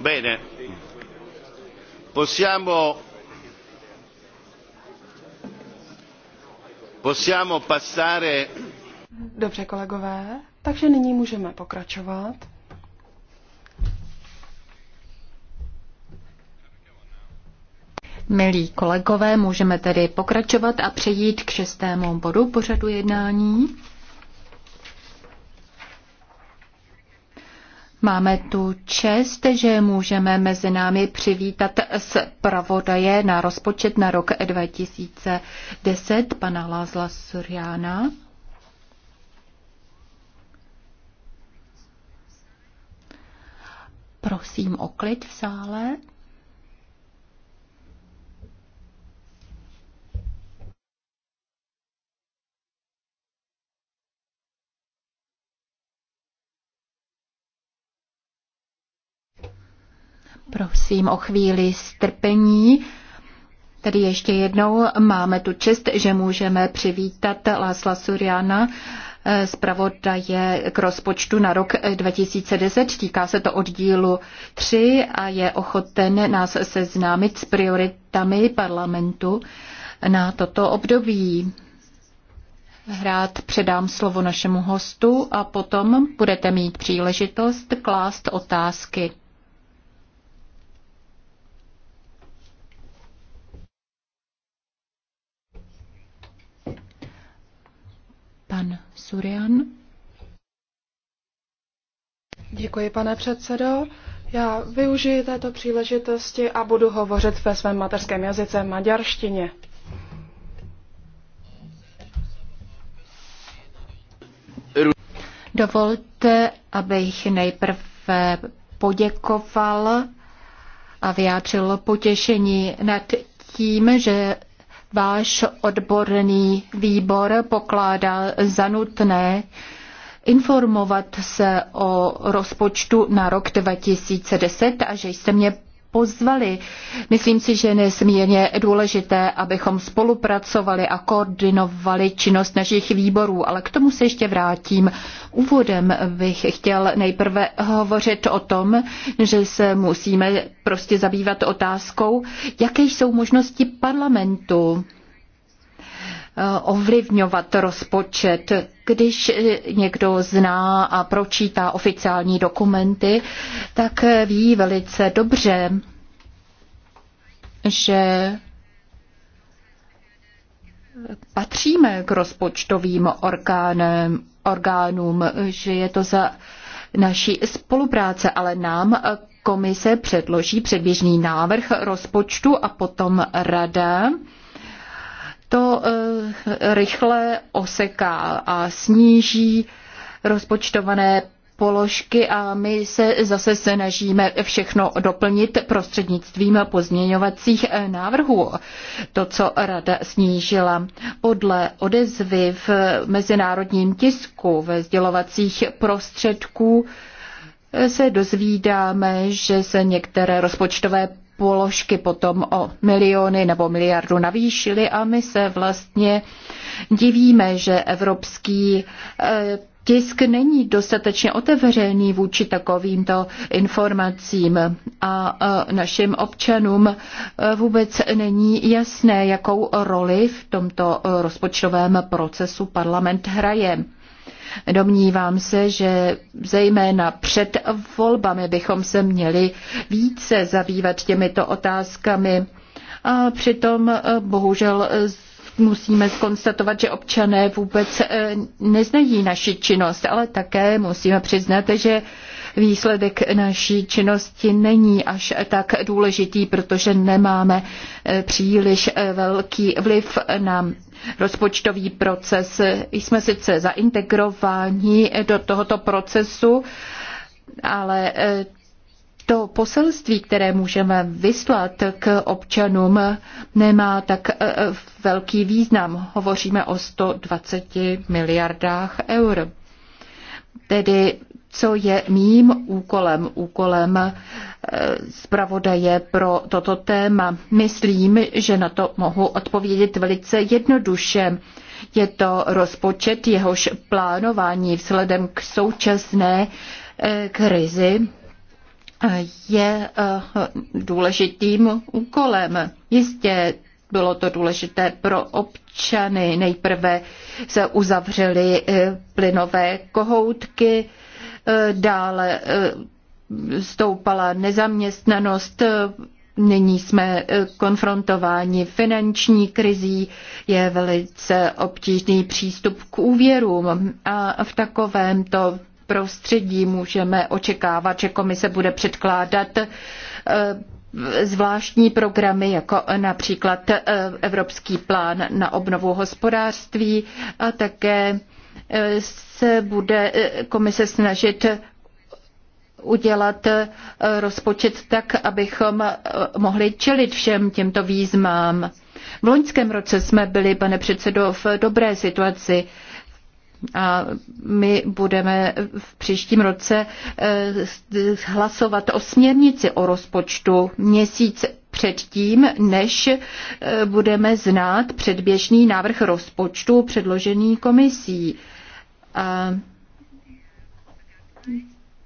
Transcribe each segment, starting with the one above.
Bene. Possiamo, possiamo passare... Dobře, kolegové, takže nyní můžeme pokračovat. Milí kolegové, můžeme tedy pokračovat a přejít k šestému bodu pořadu jednání. Máme tu čest, že můžeme mezi námi přivítat pravodaje na rozpočet na rok 2010, pana Lázla Suriana. Prosím o klid v sále. Prosím o chvíli strpení. Tedy ještě jednou máme tu čest, že můžeme přivítat Lásla Suriana, eh, zpravodaje k rozpočtu na rok 2010. Eh, Týká se to oddílu 3 a je ochoten nás seznámit s prioritami parlamentu na toto období. Hrát předám slovo našemu hostu a potom budete mít příležitost klást otázky. Pan Surian. Děkuji, pane předsedo. Já využiji této příležitosti a budu hovořit ve svém mateřském jazyce maďarštině. Dovolte, abych nejprve poděkoval a vyjádřil potěšení nad tím, že váš odborný výbor pokládá za nutné informovat se o rozpočtu na rok 2010 a že jste mě pozvali. Myslím si, že je nesmírně důležité, abychom spolupracovali a koordinovali činnost našich výborů, ale k tomu se ještě vrátím. Úvodem bych chtěl nejprve hovořit o tom, že se musíme prostě zabývat otázkou, jaké jsou možnosti parlamentu Eh, ovlivňovat rozpočet. Když eh, někdo zná a pročítá oficiální dokumenty, tak eh, ví velice dobře, že patříme k rozpočtovým orgánem, orgánům, že je to za naší spolupráce, ale nám komise předloží předběžný návrh rozpočtu a potom rada to eh, rychle oseká a sníží rozpočtované položky a my se zase snažíme všechno doplnit prostřednictvím pozměňovacích eh, návrhů. To, co rada snížila podle odezvy v mezinárodním tisku ve sdělovacích prostředků, eh, se dozvídáme, že se některé rozpočtové položky potom o miliony nebo miliardu navýšily a my se vlastně divíme, že evropský eh, tisk není dostatečně otevřený vůči takovýmto informacím a eh, našim občanům eh, vůbec není jasné, jakou roli v tomto rozpočtovém procesu parlament hraje. Domnívám se, že zejména před volbami bychom se měli více zabývat těmito otázkami. A přitom eh, bohužel musíme skonstatovat, že občané vůbec eh, neznají naši činnost, ale také musíme přiznat, že výsledek naší činnosti není až tak důležitý, protože nemáme eh, příliš eh, velký vliv na rozpočtový proces. Jsme sice zaintegrováni eh, do tohoto procesu, ale to poselství, které můžeme vyslat k občanům, nemá tak velký význam. Hovoříme o 120 miliardách eur. Tedy co je mým úkolem, úkolem eh, zpravodaje pro toto téma. Myslím, že na to mohu odpovědět velice jednoduše. Je to rozpočet, jehož plánování vzhledem k současné eh, krizi eh, je důležitým úkolem. Jistě bylo to důležité pro občany. Nejprve se uzavřely plynové kohoutky, Eh, dále eh, stoupala nezaměstnanost, eh, nyní jsme konfrontováni finanční krizí, je velice obtížný přístup k úvěrům a v takovémto prostředí můžeme očekávat, že komise bude předkládat zvláštní programy, jako například Evropský plán na obnovu hospodářství a také se bude eh, komise snažit udělat eh, rozpočet tak, abychom eh, mohli čelit všem těmto výzvám. V loňském roce jsme byli, pane předsedo, v dobré situaci a my budeme v příštím roce hlasovat o směrnici o rozpočtu měsíc předtím, než budeme znát předběžný návrh rozpočtu předložený komisí. A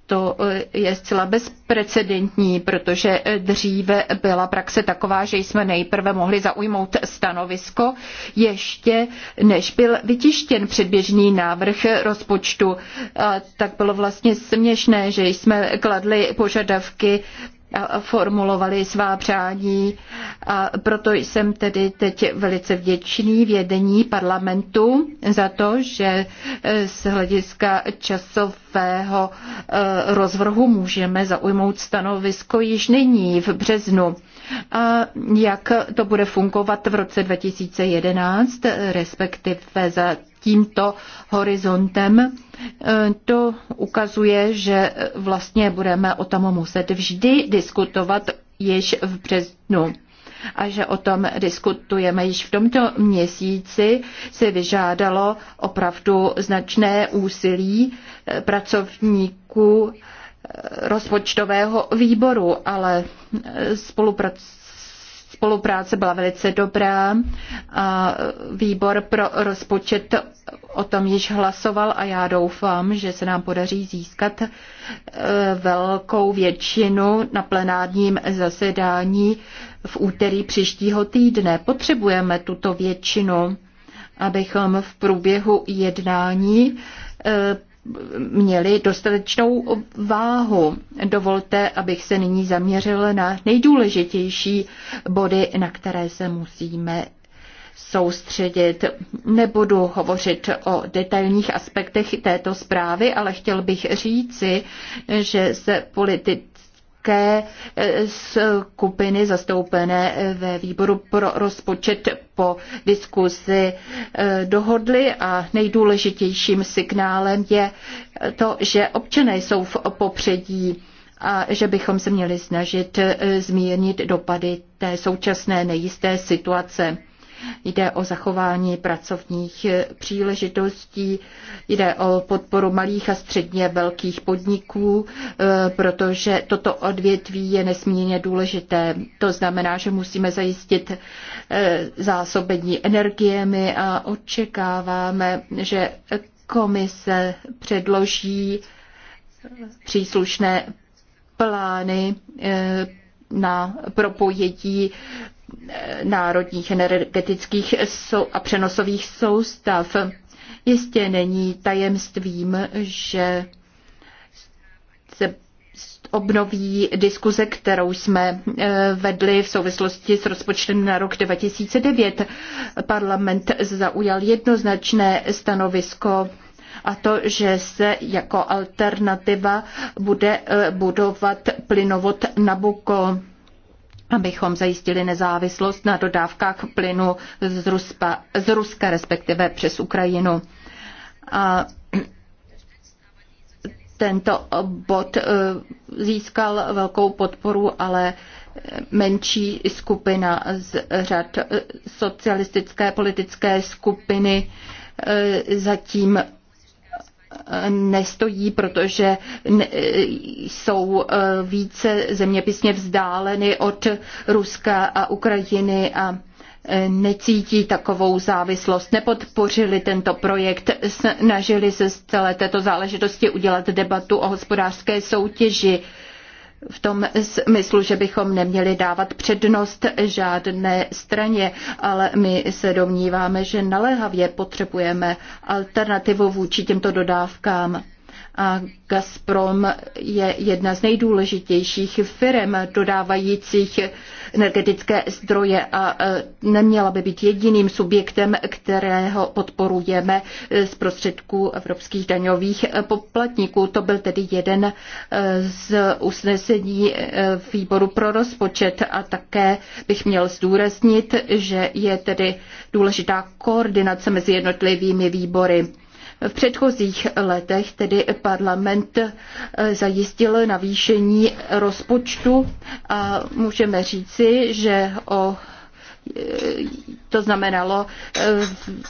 to eh, je zcela bezprecedentní, protože eh, dříve byla praxe taková, že jsme nejprve mohli zaujmout stanovisko, ještě než byl vytištěn předběžný návrh rozpočtu. tak bylo vlastně směšné, že jsme kladli požadavky formulovali svá přání a proto jsem tedy teď velice vděčný vědení parlamentu za to, že e, z hlediska časového e, rozvrhu můžeme zaujmout stanovisko již nyní v březnu. A jak to bude fungovat v roce 2011, respektive za tímto horizontem. E, to ukazuje, že vlastně budeme o tom muset vždy diskutovat již v březnu a že o tom diskutujeme již v tomto měsíci, se vyžádalo opravdu značné úsilí e, pracovníků e, rozpočtového výboru, ale spoluprac spolupráce byla velice dobrá. A výbor pro rozpočet o tom již hlasoval a já doufám, že se nám podaří získat eh, velkou většinu na plenárním zasedání v úterý příštího týdne. Potřebujeme tuto většinu, abychom v průběhu jednání eh, měly dostatečnou váhu. Dovolte, abych se nyní zaměřil na nejdůležitější body, na které se musíme soustředit. Nebudu hovořit o detailních aspektech této zprávy, ale chtěl bych říci, že se politi- také eh, skupiny zastoupené eh, ve výboru pro rozpočet po diskusi eh, dohodly a nejdůležitějším signálem je to, že občané jsou v popředí a že bychom se měli snažit zmírnit dopady té současné nejisté situace. Jde o zachování pracovních příležitostí, jde o podporu malých a středně velkých podniků, eh, protože toto odvětví je nesmírně důležité. To znamená, že musíme zajistit eh, zásobení energiemi a očekáváme, že komise předloží příslušné plány eh, na propojení národních energetických a přenosových soustav. Jistě není tajemstvím, že se obnoví diskuze, kterou jsme eh, vedli v souvislosti s rozpočtem na rok 2009. Parlament zaujal jednoznačné stanovisko a to, že se jako alternativa bude eh, budovat plynovod Nabuko abychom zajistili nezávislost na dodávkách plynu z, Ruspa, z Ruska, respektive přes Ukrajinu. A tento bod e, získal velkou podporu, ale menší skupina z řad socialistické politické skupiny e, zatím nestojí, protože jsou eh, více zeměpisně vzdáleny od Ruska a Ukrajiny a eh, necítí takovou závislost, nepodpořili tento projekt, snažili se z celé této záležitosti udělat debatu o hospodářské soutěži v tom smyslu, že bychom neměli dávat přednost žádné straně, ale my se domníváme, že naléhavě potřebujeme alternativu vůči těmto dodávkám a Gazprom je jedna z nejdůležitějších firm dodávajících energetické zdroje a e, neměla by být jediným subjektem, kterého podporujeme z prostředků evropských daňových e, poplatníků. To byl tedy jeden e, z usnesení výboru pro rozpočet a také bych měl zdůraznit, že je tedy důležitá koordinace mezi jednotlivými výbory. V předchozích letech tedy parlament eh, zajistil navýšení rozpočtu a můžeme říci, že o to znamenalo eh,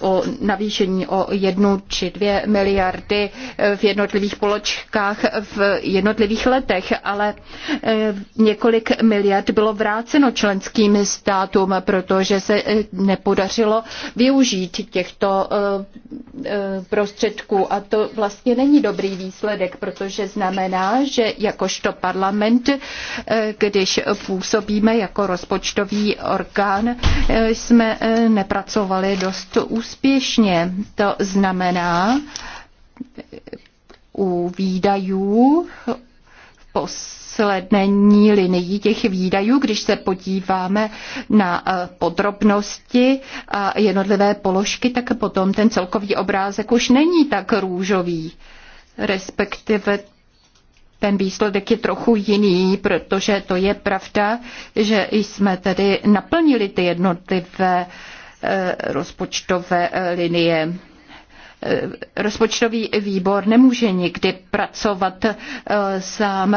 o navýšení o jednu či dvě miliardy eh, v jednotlivých poločkách v jednotlivých letech, ale eh, několik miliard bylo vráceno členským státům, protože se nepodařilo využít těchto prostředků. A to vlastně není dobrý výsledek, protože znamená, že jakožto parlament, když působíme jako rozpočtový orgán, Eh, jsme eh, nepracovali dost úspěšně. To znamená, eh, u výdajů v poslední linii těch výdajů, když se podíváme na podrobnosti a jednotlivé položky, tak potom ten celkový obrázek už není tak růžový respektive ten výsledek je trochu jiný, protože to je pravda, že jsme tedy naplnili ty jednotlivé eh, rozpočtové eh, linie eh, rozpočtový výbor nemůže nikdy pracovat sám.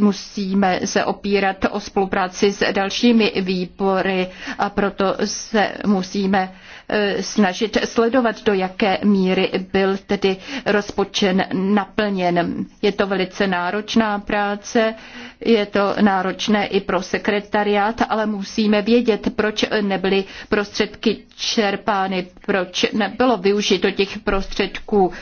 Musíme se opírat o spolupráci s dalšími výbory a proto se musíme Eh, snažit sledovat, do jaké míry byl tedy rozpočen naplněn. Je to velice náročná práce, je to náročné i pro sekretariát, ale musíme vědět, proč nebyly prostředky čerpány, proč nebylo využito těch prostředků.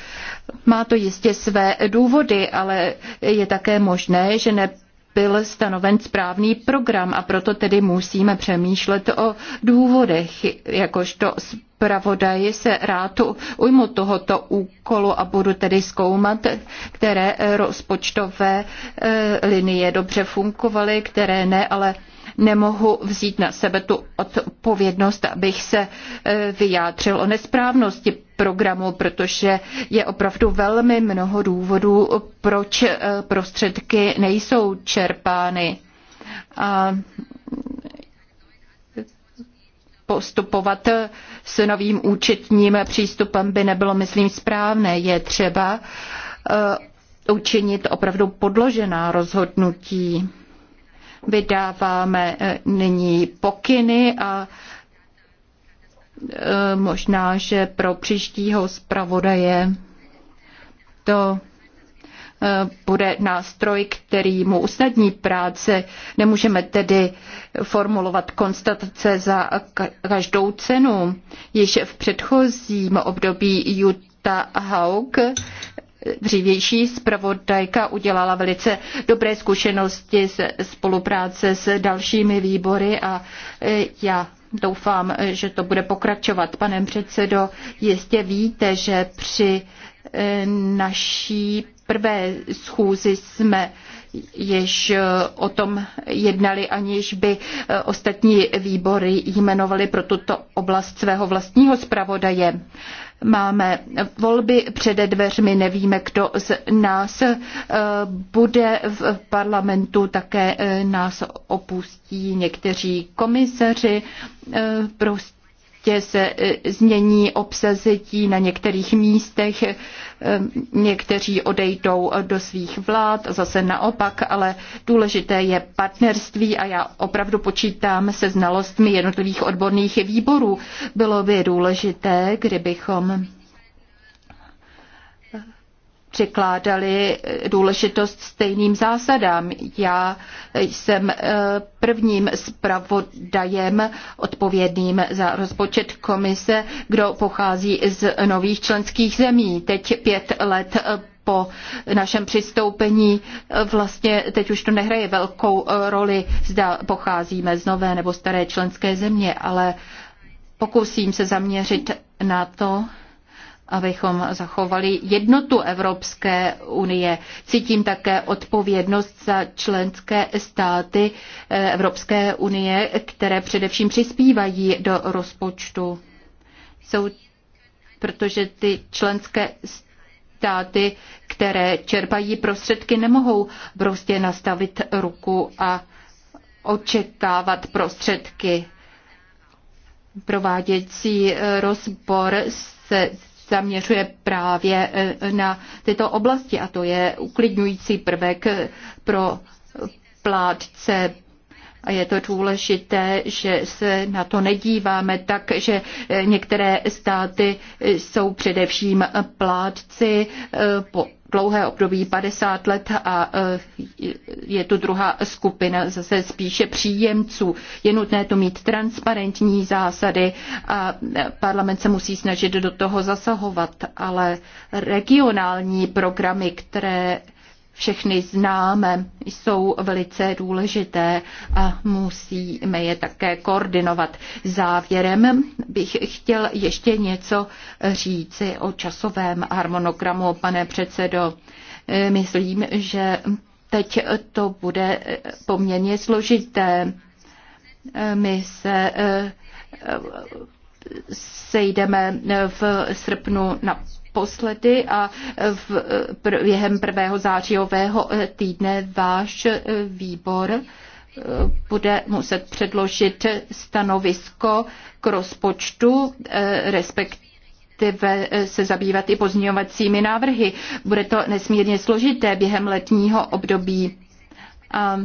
Má to jistě své důvody, ale je také možné, že ne byl stanoven správný program a proto tedy musíme přemýšlet o důvodech, jakožto zpravodaj se rád ujmu tohoto úkolu a budu tedy zkoumat, které rozpočtové eh, linie dobře fungovaly, které ne, ale nemohu vzít na sebe tu odpovědnost, abych se eh, vyjádřil o nesprávnosti programu, protože je opravdu velmi mnoho důvodů, proč eh, prostředky nejsou čerpány. A postupovat s novým účetním přístupem by nebylo, myslím, správné. Je třeba eh, učinit opravdu podložená rozhodnutí. Vydáváme eh, nyní pokyny a Eh, možná, že pro příštího zpravodaje to eh, bude nástroj, který mu usnadní práce. Nemůžeme tedy formulovat konstatace za každou cenu. Již v předchozím období Jutta Haug dřívější zpravodajka udělala velice dobré zkušenosti se spolupráce s dalšími výbory a eh, já Doufám, že to bude pokračovat. Pane předsedo, jistě víte, že při eh, naší prvé schůzi jsme již eh, o tom jednali, aniž by eh, ostatní výbory jmenovali pro tuto oblast svého vlastního zpravodaje. Máme volby před dveřmi, nevíme, kdo z nás eh, bude v parlamentu, také eh, nás opustí někteří komisaři, eh, prostě místě se e, změní obsazení na některých místech, e, někteří odejdou e, do svých vlád, zase naopak, ale důležité je partnerství a já opravdu počítám se znalostmi jednotlivých odborných výborů. Bylo by důležité, kdybychom přikládali důležitost stejným zásadám. Já jsem eh, prvním zpravodajem odpovědným za rozpočet komise, kdo pochází z nových členských zemí. Teď pět let eh, po našem přistoupení eh, vlastně teď už to nehraje velkou roli, zda pocházíme z nové nebo staré členské země, ale pokusím se zaměřit na to, abychom zachovali jednotu Evropské unie. Cítím také odpovědnost za členské státy eh, Evropské unie, které především přispívají do rozpočtu. Jsou, protože ty členské státy, které čerpají prostředky, nemohou prostě nastavit ruku a očekávat prostředky. Prováděcí eh, rozbor se zaměřuje právě e, na tyto oblasti a to je uklidňující prvek pro plátce a je to důležité, že se na to nedíváme tak, že e, některé státy e, jsou především plátci, po dlouhé období 50 let a e, je to druhá skupina zase spíše příjemců. Je nutné to mít transparentní zásady a e, parlament se musí snažit do toho zasahovat, ale regionální programy, které všechny známe, jsou velice důležité a musíme je také koordinovat. Závěrem bych chtěl ještě něco říci o časovém harmonogramu, pane předsedo. Myslím, že teď to bude poměrně složité. My se eh, sejdeme v srpnu na naposledy a v, během prvého zářijového týdne váš výbor eh, bude muset předložit stanovisko k rozpočtu, eh, respektive respektive eh, se zabývat i pozměňovacími návrhy. Bude to nesmírně složité během letního období. A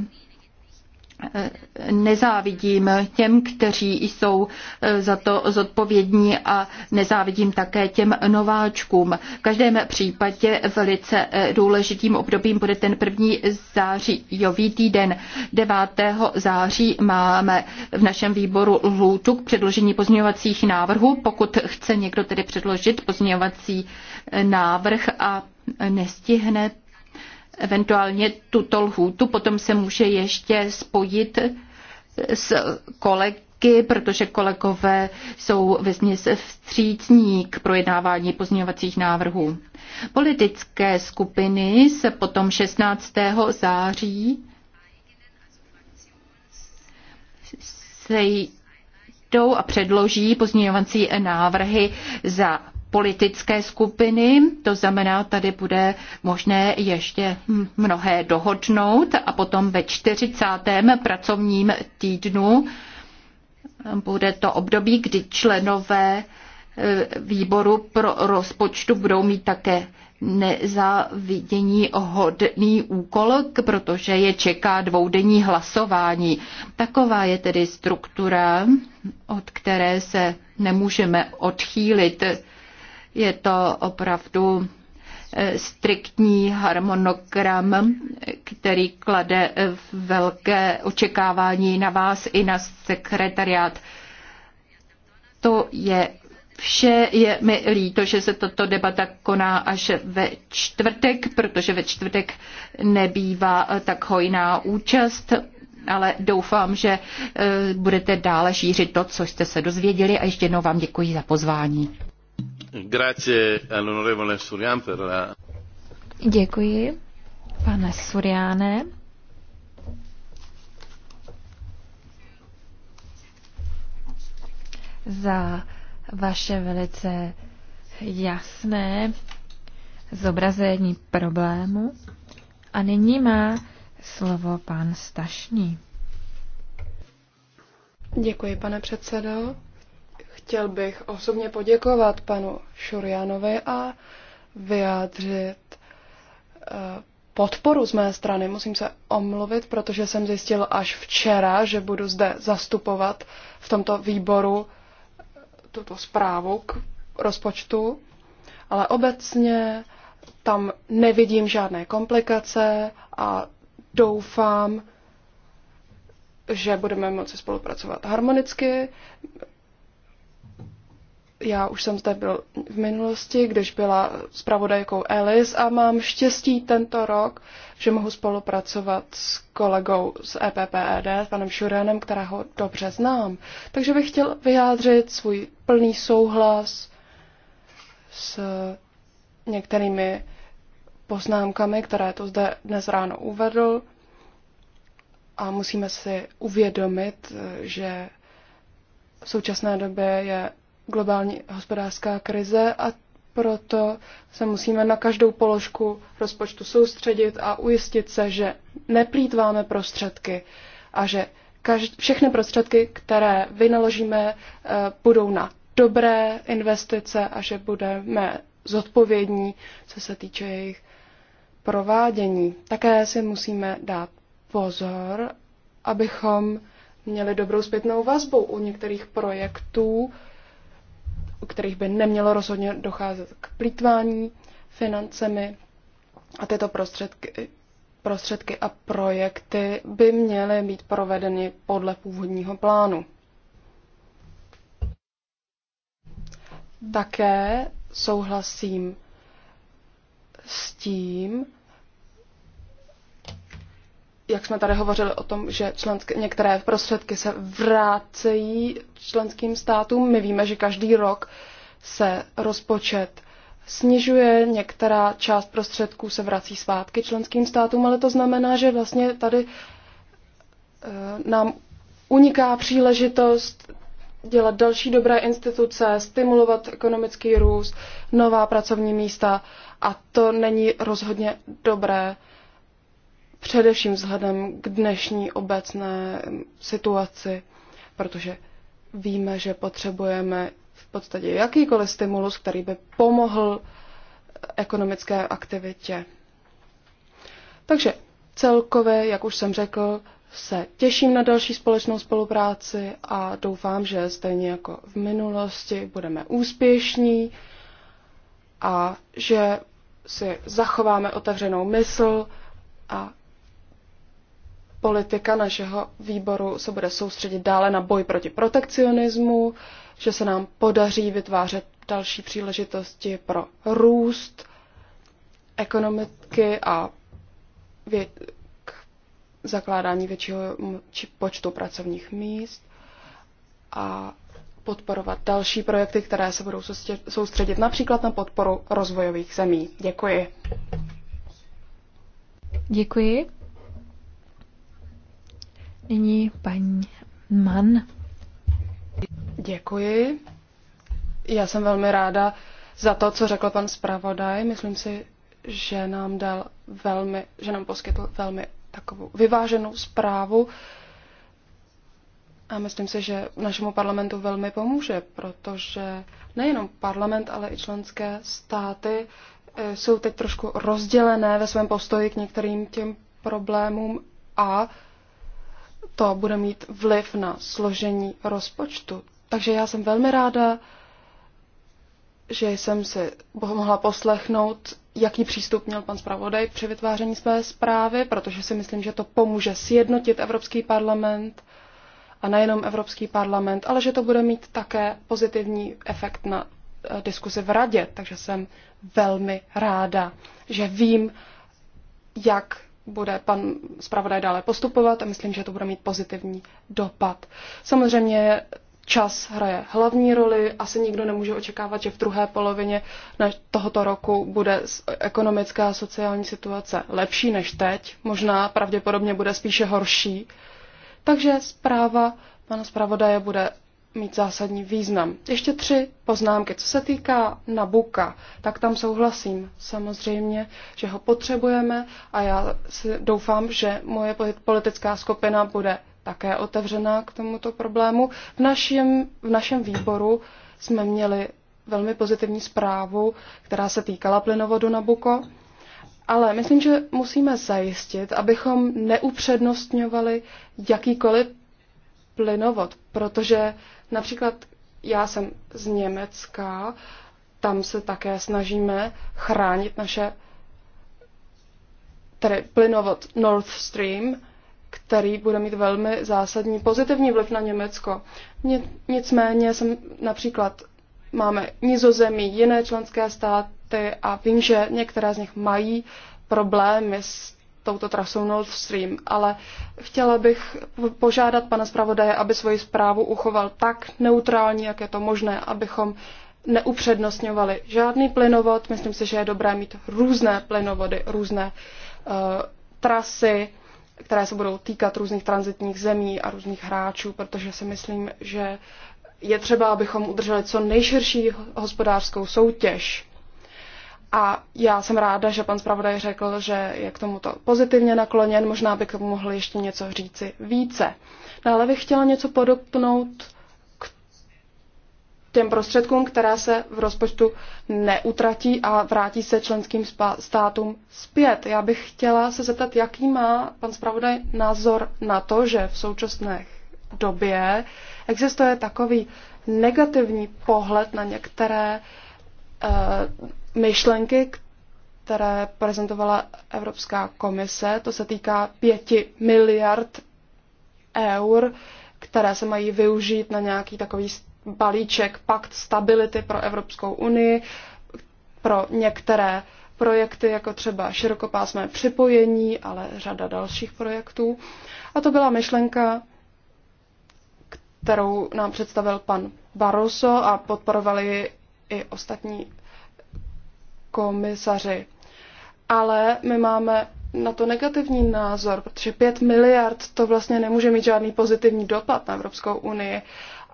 nezávidím těm, kteří jsou eh, za to zodpovědní a nezávidím také těm nováčkům. V každém případě velice eh, důležitým obdobím bude ten první zářijový týden. 9. září máme v našem výboru lhůtu k předložení pozměňovacích návrhů, pokud chce někdo tedy předložit pozměňovací eh, návrh a nestihne eventuálně tuto lhůtu, potom se může ještě spojit s kolegy, protože kolegové jsou ve směs vstřícní k projednávání pozměňovacích návrhů. Politické skupiny se potom 16. září sejdou a předloží pozměňovací návrhy za politické skupiny, to znamená, tady bude možné ještě mnohé dohodnout a potom ve 40. pracovním týdnu bude to období, kdy členové eh, výboru pro rozpočtu budou mít také nezavidění hodný úkol, protože je čeká dvoudenní hlasování. Taková je tedy struktura, od které se nemůžeme odchýlit je to opravdu eh, striktní harmonogram, který klade eh, velké očekávání na vás i na sekretariát. To je vše. Je mi líto, že se tato debata koná až ve čtvrtek, protože ve čtvrtek nebývá eh, tak hojná účast, ale doufám, že budete dále šířit to, co jste se dozvěděli a ještě jednou vám děkuji za pozvání. Děkuji, pane Suriáne. za vaše velice jasné zobrazení problému. A nyní má slovo pan Stašní. Děkuji, pane předsedo. Chtěl bych osobně poděkovat panu Šurjanovi a vyjádřit eh, podporu z mé strany. Musím se omluvit, protože jsem zjistil až včera, že budu zde zastupovat v tomto výboru eh, tuto zprávu k rozpočtu, ale obecně tam nevidím žádné komplikace a doufám, že budeme moci spolupracovat harmonicky já už jsem zde byl v minulosti, když byla zpravodajkou Alice a mám štěstí tento rok, že mohu spolupracovat s kolegou z EPPED, s panem Šurénem, kterého dobře znám. Takže bych chtěl vyjádřit svůj plný souhlas s některými poznámkami, které to zde dnes ráno uvedl. A musíme si uvědomit, že v současné době je globální hospodářská krize a proto se musíme na každou položku rozpočtu soustředit a ujistit se, že neplýtváme prostředky a že každ- všechny prostředky, které vynaložíme, eh, budou na dobré investice a že budeme zodpovědní, co se týče jejich provádění. Také si musíme dát pozor, abychom měli dobrou zpětnou vazbu u některých projektů, u kterých by nemělo rozhodně docházet k plítvání financemi a tyto prostředky, prostředky a projekty by měly být provedeny podle původního plánu. Také souhlasím s tím, jak jsme tady hovořili o tom, že členské, některé prostředky se vrácejí členským státům. My víme, že každý rok se rozpočet snižuje, některá část prostředků se vrací zpátky členským státům, ale to znamená, že vlastně tady eh, nám uniká příležitost dělat další dobré instituce, stimulovat ekonomický růst, nová pracovní místa a to není rozhodně dobré především vzhledem k dnešní obecné situaci, protože víme, že potřebujeme v podstatě jakýkoliv stimulus, který by pomohl ekonomické aktivitě. Takže celkově, jak už jsem řekl, se těším na další společnou spolupráci a doufám, že stejně jako v minulosti budeme úspěšní a že si zachováme otevřenou mysl a politika našeho výboru se bude soustředit dále na boj proti protekcionismu, že se nám podaří vytvářet další příležitosti pro růst ekonomiky a vě- k zakládání většího počtu pracovních míst a podporovat další projekty, které se budou soustředit například na podporu rozvojových zemí. Děkuji. Děkuji. Nyní paní Mann. Děkuji. Já jsem velmi ráda za to, co řekl pan zpravodaj. Myslím si, že nám dal velmi, že nám poskytl velmi takovou vyváženou zprávu a myslím si, že našemu parlamentu velmi pomůže, protože nejenom parlament, ale i členské státy eh, jsou teď trošku rozdělené ve svém postoji k některým těm problémům a to bude mít vliv na složení rozpočtu. Takže já jsem velmi ráda, že jsem si mohla poslechnout, jaký přístup měl pan zpravodaj při vytváření své zprávy, protože si myslím, že to pomůže sjednotit Evropský parlament a nejenom Evropský parlament, ale že to bude mít také pozitivní efekt na eh, diskuzi v radě. Takže jsem velmi ráda, že vím, jak bude pan zpravodaj dále postupovat a myslím, že to bude mít pozitivní dopad. Samozřejmě čas hraje hlavní roli. Asi nikdo nemůže očekávat, že v druhé polovině tohoto roku bude ekonomická a sociální situace lepší než teď. Možná pravděpodobně bude spíše horší. Takže zpráva pana zpravodaje bude mít zásadní význam. Ještě tři poznámky. Co se týká Nabuka, tak tam souhlasím samozřejmě, že ho potřebujeme a já si doufám, že moje politická skupina bude také otevřená k tomuto problému. V našem, v našem výboru jsme měli velmi pozitivní zprávu, která se týkala plynovodu Nabuko. Ale myslím, že musíme zajistit, abychom neupřednostňovali jakýkoliv plynovod, protože například já jsem z Německa, tam se také snažíme chránit naše tedy plynovod Nord Stream, který bude mít velmi zásadní pozitivní vliv na Německo. Nicméně jsem například máme nizozemí, jiné členské státy a vím, že některé z nich mají problémy s touto trasou Nord Stream, ale chtěla bych požádat pana zpravodaje, aby svoji zprávu uchoval tak neutrální, jak je to možné, abychom neupřednostňovali žádný plynovod. Myslím si, že je dobré mít různé plynovody, různé uh, trasy, které se budou týkat různých transitních zemí a různých hráčů, protože si myslím, že je třeba, abychom udrželi co nejširší hospodářskou soutěž a já jsem ráda, že pan zpravodaj řekl, že je k tomuto pozitivně nakloněn, možná by k tomu mohl ještě něco říci více. Dále bych chtěla něco podotknout k těm prostředkům, které se v rozpočtu neutratí a vrátí se členským státům zpět. Já bych chtěla se zeptat, jaký má pan zpravodaj názor na to, že v současné době existuje takový negativní pohled na některé uh, Eh, myšlenky, které prezentovala Evropská komise. To se týká pěti miliard eur, které se mají využít na nějaký takový balíček Pakt stability pro Evropskou unii, pro některé projekty, jako třeba širokopásmé připojení, ale řada dalších projektů. A to byla myšlenka, kterou nám představil pan Barroso a podporovali i ostatní komisaři. Ale my máme na to negativní názor, protože 5 miliard to vlastně nemůže mít žádný pozitivní dopad na Evropskou unii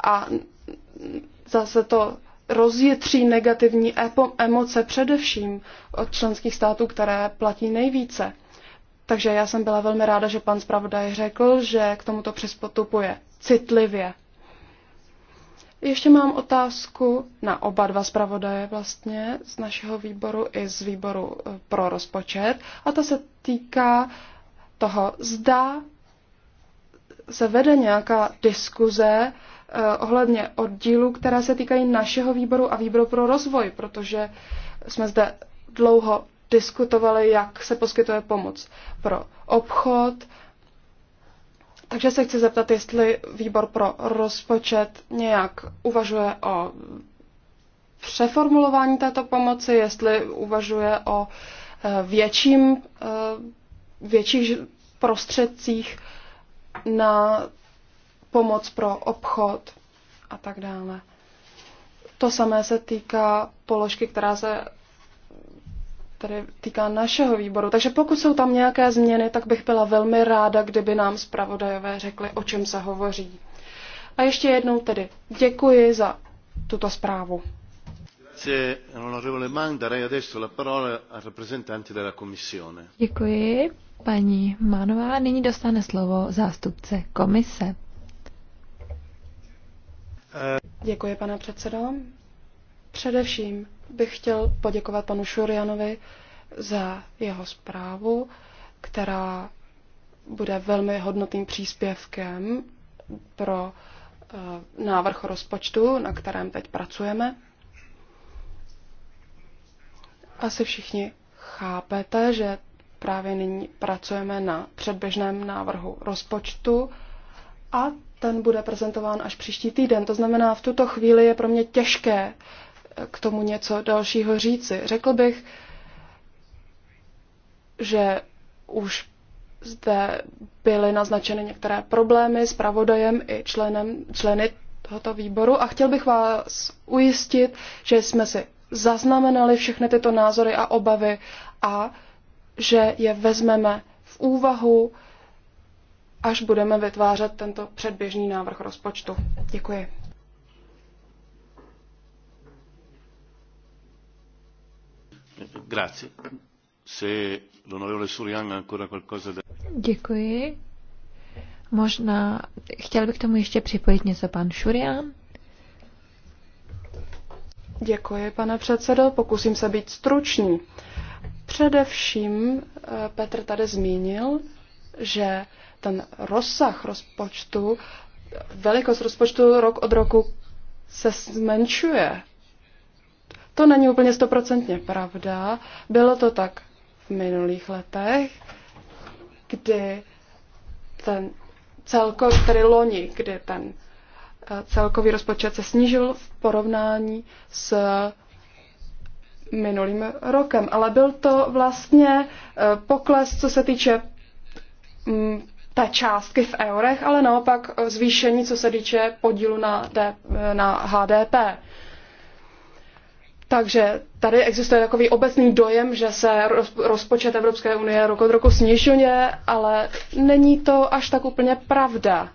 a zase to rozjetří negativní emoce především od členských států, které platí nejvíce. Takže já jsem byla velmi ráda, že pan zpravodaj řekl, že k tomuto přistupuje citlivě. Ještě mám otázku na oba dva zpravodaje vlastně z našeho výboru i z výboru e, pro rozpočet a to se týká toho, zda se vede nějaká diskuze e, ohledně oddílu, které se týkají našeho výboru a výboru pro rozvoj, protože jsme zde dlouho diskutovali, jak se poskytuje pomoc pro obchod, takže se chci zeptat, jestli výbor pro rozpočet nějak uvažuje o přeformulování této pomoci, jestli uvažuje o e, větším, e, větších prostředcích na pomoc pro obchod a tak dále. To samé se týká položky, která se tady týká našeho výboru. Takže pokud jsou tam nějaké změny, tak bych byla velmi ráda, kdyby nám zpravodajové řekli, o čem se hovoří. A ještě jednou tedy děkuji za tuto zprávu. E děkuji, paní Manová. Nyní dostane slovo zástupce komise. Děkuji, pane předsedo. Především bych chtěl poděkovat panu Šurianovi za jeho zprávu, která bude velmi hodnotným příspěvkem pro eh, návrh rozpočtu, na kterém teď pracujeme. Asi všichni chápete, že právě nyní pracujeme na předběžném návrhu rozpočtu a ten bude prezentován až příští týden. To znamená, v tuto chvíli je pro mě těžké k tomu něco dalšího říci. Řekl bych, že už zde byly naznačeny některé problémy s pravodajem i členem, členy tohoto výboru a chtěl bych vás ujistit, že jsme si zaznamenali všechny tyto názory a obavy a že je vezmeme v úvahu, až budeme vytvářet tento předběžný návrh rozpočtu. Děkuji. Grazie. Se l'onorevole Surian ancora qualcosa da... Děkuji. Možná chtěl bych k tomu ještě připojit něco pan Šurian. Děkuji, pane předsedo. Pokusím se být stručný. Především eh, Petr tady zmínil, že ten rozsah rozpočtu, velikost rozpočtu rok od roku se zmenšuje. To není úplně stoprocentně pravda. Bylo to tak v minulých letech, kdy ten celkový, tedy loni, kdy ten eh, celkový rozpočet se snížil v porovnání s minulým rokem. Ale byl to vlastně eh, pokles, co se týče mm, té částky v eurech, ale naopak eh, zvýšení, co se týče podílu na, na HDP. Takže tady existuje takový obecný dojem, že se rozpočet Evropské unie rok od roku snižuje, ale není to až tak úplně pravda.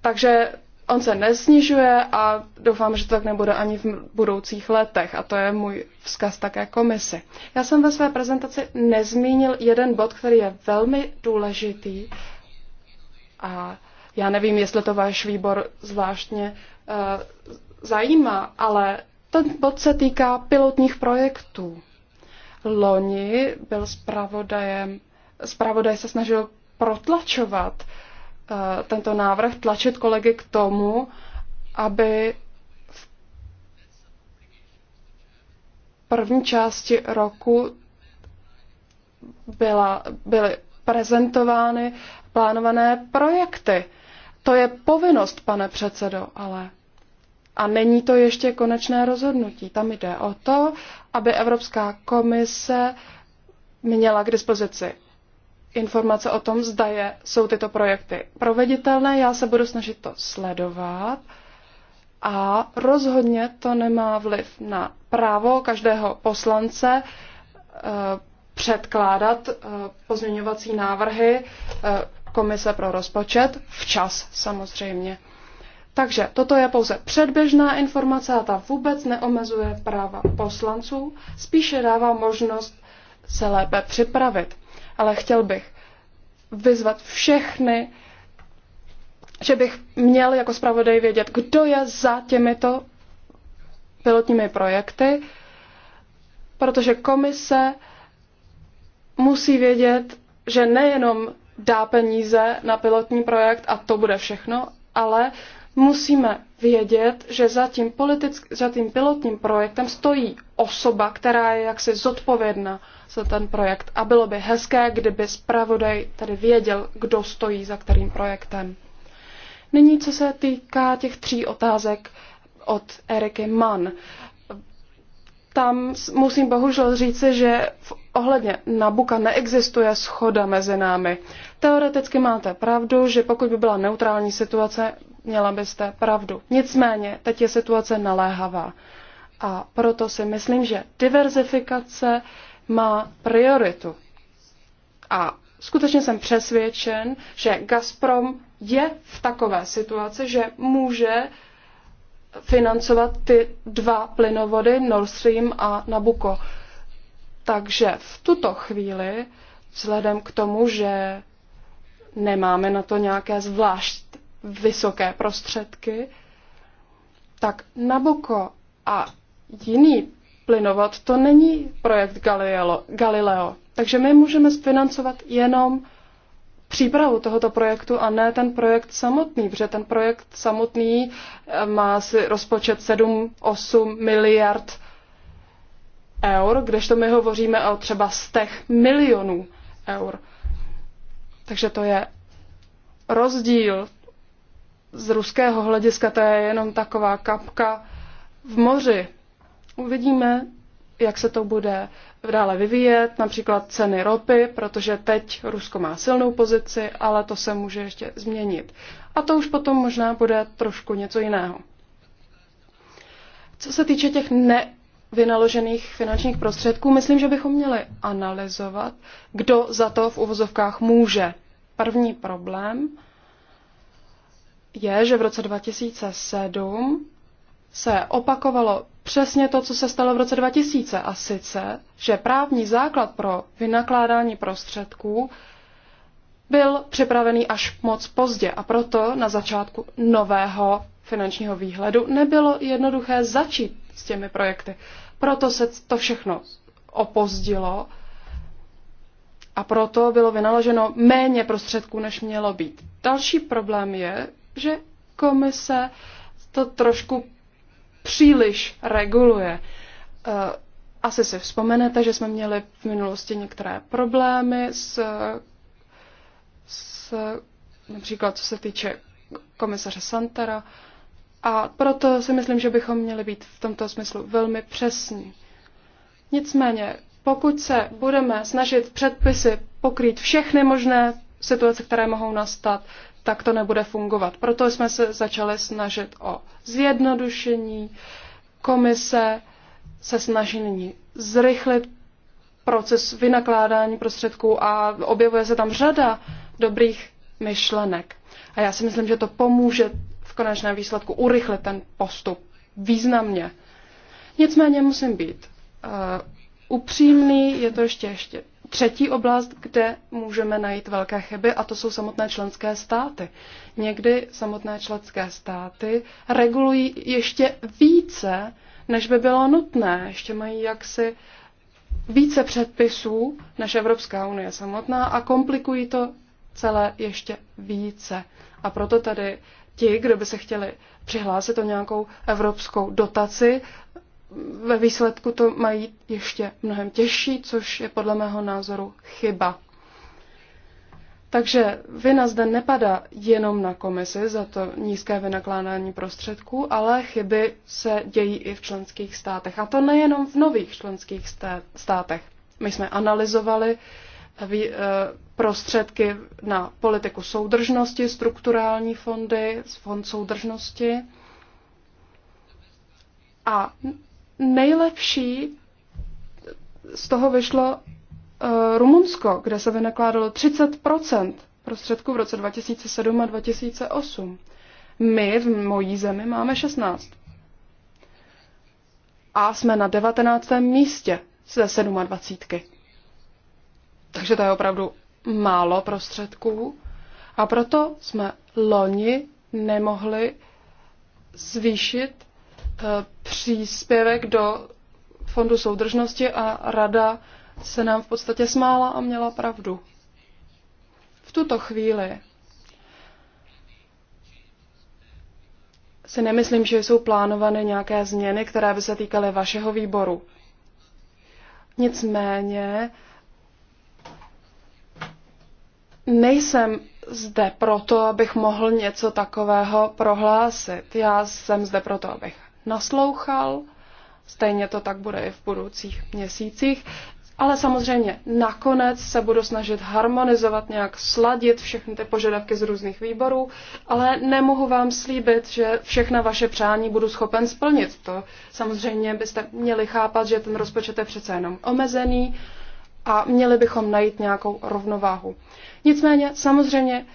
Takže on se nesnižuje a doufám, že to tak nebude ani v budoucích letech. A to je můj vzkaz také komisi. Já jsem ve své prezentaci nezmínil jeden bod, který je velmi důležitý. A já nevím, jestli to váš výbor zvláštně uh, zajímá, ale ten bod se týká pilotních projektů. Loni byl zpravodajem, zpravodaj se snažil protlačovat uh, tento návrh, tlačit kolegy k tomu, aby v první části roku byla, byly prezentovány plánované projekty. To je povinnost, pane předsedo, ale a není to ještě konečné rozhodnutí. Tam jde o to, aby Evropská komise měla k dispozici informace o tom, zda je, jsou tyto projekty proveditelné. Já se budu snažit to sledovat. A rozhodně to nemá vliv na právo každého poslance eh, předkládat eh, pozměňovací návrhy eh, Komise pro rozpočet, včas samozřejmě. Takže toto je pouze předběžná informace a ta vůbec neomezuje práva poslanců, spíše dává možnost se lépe připravit. Ale chtěl bych vyzvat všechny, že bych měl jako zpravodaj vědět, kdo je za těmito pilotními projekty, protože komise musí vědět, že nejenom dá peníze na pilotní projekt a to bude všechno, ale musíme vědět, že za tím, politick, za tím pilotním projektem stojí osoba, která je jaksi zodpovědná za ten projekt. A bylo by hezké, kdyby zpravodaj tady věděl, kdo stojí za kterým projektem. Nyní, co se týká těch tří otázek od Eriky Mann. Tam musím bohužel říci, že v ohledně Nabuka neexistuje schoda mezi námi. Teoreticky máte pravdu, že pokud by byla neutrální situace, měla byste pravdu. Nicméně, teď je situace naléhavá. A proto si myslím, že diverzifikace má prioritu. A skutečně jsem přesvědčen, že Gazprom je v takové situaci, že může financovat ty dva plynovody Nord Stream a Nabucco. Takže v tuto chvíli, vzhledem k tomu, že nemáme na to nějaké zvlášť, vysoké prostředky, tak Nabucco a jiný plynovod to není projekt Galileo. Galileo. Takže my můžeme sfinancovat jenom přípravu tohoto projektu a ne ten projekt samotný, protože ten projekt samotný eh, má si rozpočet 7-8 miliard eur, kdežto my hovoříme o třeba stech milionů eur. Takže to je rozdíl z ruského hlediska to je jenom taková kapka v moři. Uvidíme, jak se to bude dále vyvíjet, například ceny ropy, protože teď Rusko má silnou pozici, ale to se může ještě změnit. A to už potom možná bude trošku něco jiného. Co se týče těch nevynaložených finančních prostředků, myslím, že bychom měli analyzovat, kdo za to v uvozovkách může. První problém je, že v roce 2007 se opakovalo přesně to, co se stalo v roce 2000, a sice, že právní základ pro vynakládání prostředků byl připravený až moc pozdě a proto na začátku nového finančního výhledu nebylo jednoduché začít s těmi projekty. Proto se to všechno opozdilo a proto bylo vynaloženo méně prostředků, než mělo být. Další problém je, že komise to trošku příliš reguluje. Eh, asi si vzpomenete, že jsme měli v minulosti některé problémy s, s například co se týče komisaře Santera. A proto si myslím, že bychom měli být v tomto smyslu velmi přesní. Nicméně, pokud se budeme snažit předpisy pokrýt všechny možné situace, které mohou nastat, tak to nebude fungovat. Proto jsme se začali snažit o zjednodušení. Komise se snaží nyní zrychlit proces vynakládání prostředků a objevuje se tam řada dobrých myšlenek. A já si myslím, že to pomůže v konečném výsledku urychlit ten postup významně. Nicméně musím být uh, upřímný, je to ještě, ještě Třetí oblast, kde můžeme najít velké chyby, a to jsou samotné členské státy. Někdy samotné členské státy regulují ještě více, než by bylo nutné. Ještě mají jaksi více předpisů než Evropská unie samotná a komplikují to celé ještě více. A proto tady ti, kdo by se chtěli přihlásit o nějakou evropskou dotaci, ve výsledku to mají ještě mnohem těžší, což je podle mého názoru chyba. Takže vina zde nepadá jenom na komisi za to nízké vynakládání prostředků, ale chyby se dějí i v členských státech. A to nejenom v nových členských státech. My jsme analyzovali eh, eh, prostředky na politiku soudržnosti, strukturální fondy, fond soudržnosti. A nejlepší z toho vyšlo uh, Rumunsko, kde se vynakládalo 30 prostředků v roce 2007 a 2008. My v mojí zemi máme 16. A jsme na 19. místě ze 27. Takže to je opravdu málo prostředků. A proto jsme loni nemohli zvýšit Eh, příspěvek do Fondu soudržnosti a rada se nám v podstatě smála a měla pravdu. V tuto chvíli si nemyslím, že jsou plánované nějaké změny, které by se týkaly vašeho výboru. Nicméně nejsem zde proto, abych mohl něco takového prohlásit. Já jsem zde proto, abych naslouchal. Stejně to tak bude i v budoucích měsících. Ale samozřejmě nakonec se budu snažit harmonizovat, nějak sladit všechny ty požadavky z různých výborů, ale nemohu vám slíbit, že všechna vaše přání budu schopen splnit. To samozřejmě byste měli chápat, že ten rozpočet je přece jenom omezený a měli bychom najít nějakou rovnováhu. Nicméně samozřejmě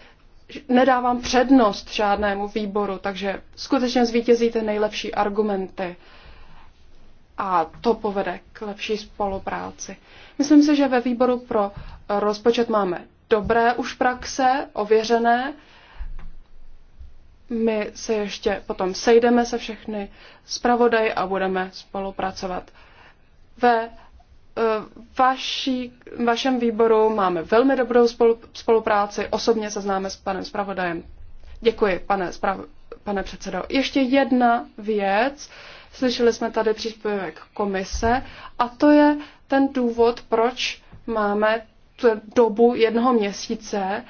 nedávám přednost žádnému výboru, takže skutečně zvítězíte nejlepší argumenty a to povede k lepší spolupráci. Myslím si, že ve výboru pro rozpočet máme dobré už praxe, ověřené. My se ještě potom sejdeme se všechny zpravodaj a budeme spolupracovat. Ve Eh, vaší, vašem výboru máme velmi dobrou spolupráci. Osobně se známe s panem zpravodajem. Děkuji, pane, sprav, pane předsedo. Ještě jedna věc. Slyšeli jsme tady příspěvek komise a to je ten důvod, proč máme tu dobu jednoho měsíce,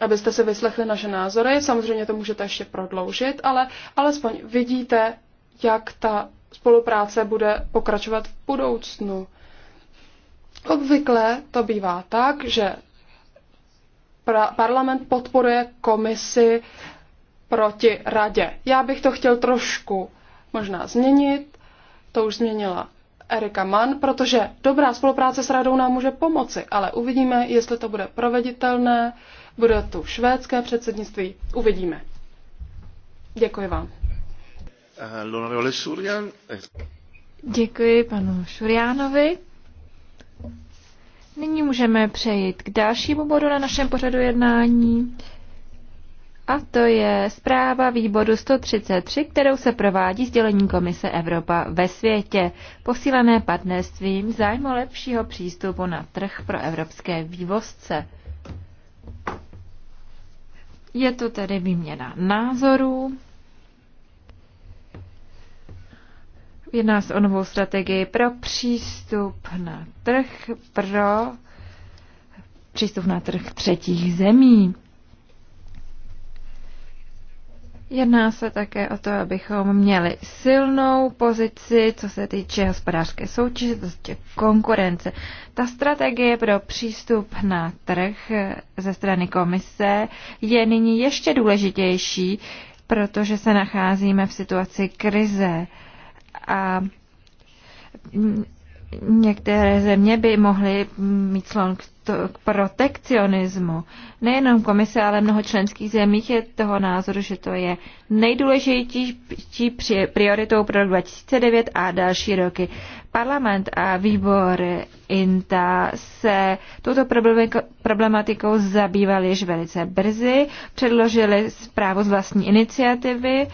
abyste si vyslechli naše názory. Samozřejmě to můžete ještě prodloužit, ale alespoň vidíte, jak ta spolupráce bude pokračovat v budoucnu. Obvykle to bývá tak, že parlament podporuje komisi proti radě. Já bych to chtěl trošku možná změnit, to už změnila Erika Mann, protože dobrá spolupráce s radou nám může pomoci, ale uvidíme, jestli to bude proveditelné, bude tu švédské předsednictví, uvidíme. Děkuji vám. Děkuji panu Šuriánovi. Nyní můžeme přejít k dalšímu bodu na našem pořadu jednání. A to je zpráva výboru 133, kterou se provádí sdělení Komise Evropa ve světě. Posílené partnerstvím zájmu lepšího přístupu na trh pro evropské vývozce. Je to tedy výměna názorů. Jedná se o novou strategii pro přístup na trh, pro přístup na trh třetích zemí. Jedná se také o to, abychom měli silnou pozici, co se týče hospodářské soutěže, co se týče konkurence. Ta strategie pro přístup na trh ze strany komise je nyní ještě důležitější, protože se nacházíme v situaci krize a některé země by mohly mít slon k, to, k protekcionismu. Nejenom komise, ale mnoho členských zemích je toho názoru, že to je nejdůležitější prioritou pro rok 2009 a další roky. Parlament a výbor INTA se touto problematikou zabývali již velice brzy, předložili zprávu z vlastní iniciativy,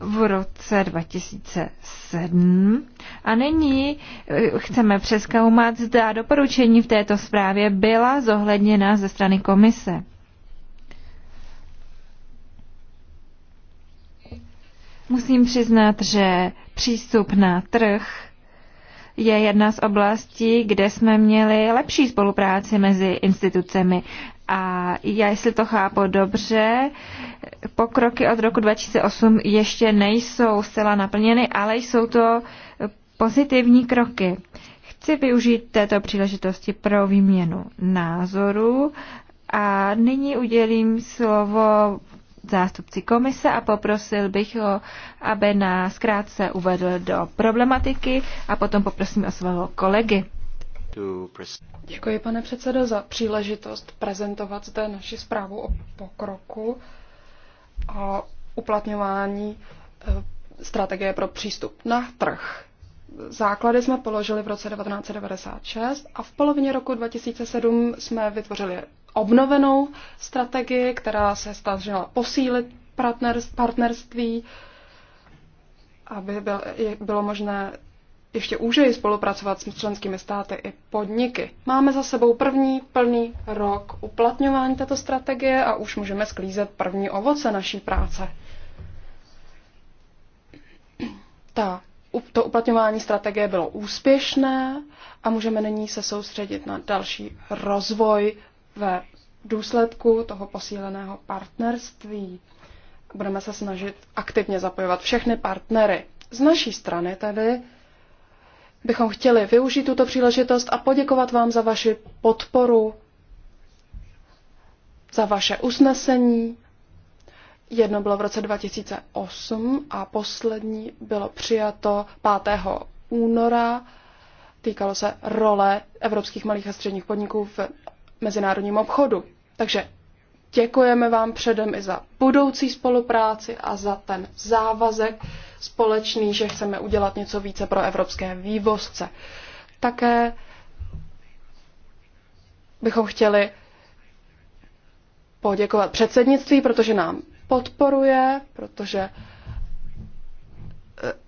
v roce 2007 a nyní eh, chceme přeskoumat, zda doporučení v této zprávě byla zohledněna ze strany komise. Musím přiznat, že přístup na trh je jedna z oblastí, kde jsme měli lepší spolupráci mezi institucemi. A já, jestli to chápu dobře, pokroky od roku 2008 ještě nejsou zcela naplněny, ale jsou to pozitivní kroky. Chci využít této příležitosti pro výměnu názorů a nyní udělím slovo zástupci komise a poprosil bych ho, aby nás krátce uvedl do problematiky a potom poprosím o svého kolegy. Děkuji, pane předsedo, za příležitost prezentovat zde naši zprávu o pokroku a uplatňování eh, strategie pro přístup na trh. Základy jsme položili v roce 1996 a v polovině roku 2007 jsme vytvořili obnovenou strategii, která se snažila posílit partnerství, aby bylo možné ještě úžeji spolupracovat s členskými státy i podniky. Máme za sebou první plný rok uplatňování této strategie a už můžeme sklízet první ovoce naší práce. Ta, to uplatňování strategie bylo úspěšné a můžeme nyní se soustředit na další rozvoj ve důsledku toho posíleného partnerství. Budeme se snažit aktivně zapojovat všechny partnery. Z naší strany tedy bychom chtěli využít tuto příležitost a poděkovat vám za vaši podporu, za vaše usnesení. Jedno bylo v roce 2008 a poslední bylo přijato 5. února. Týkalo se role evropských malých a středních podniků v mezinárodním obchodu. Takže Děkujeme vám předem i za budoucí spolupráci a za ten závazek společný, že chceme udělat něco více pro evropské vývozce. Také bychom chtěli poděkovat předsednictví, protože nám podporuje, protože e,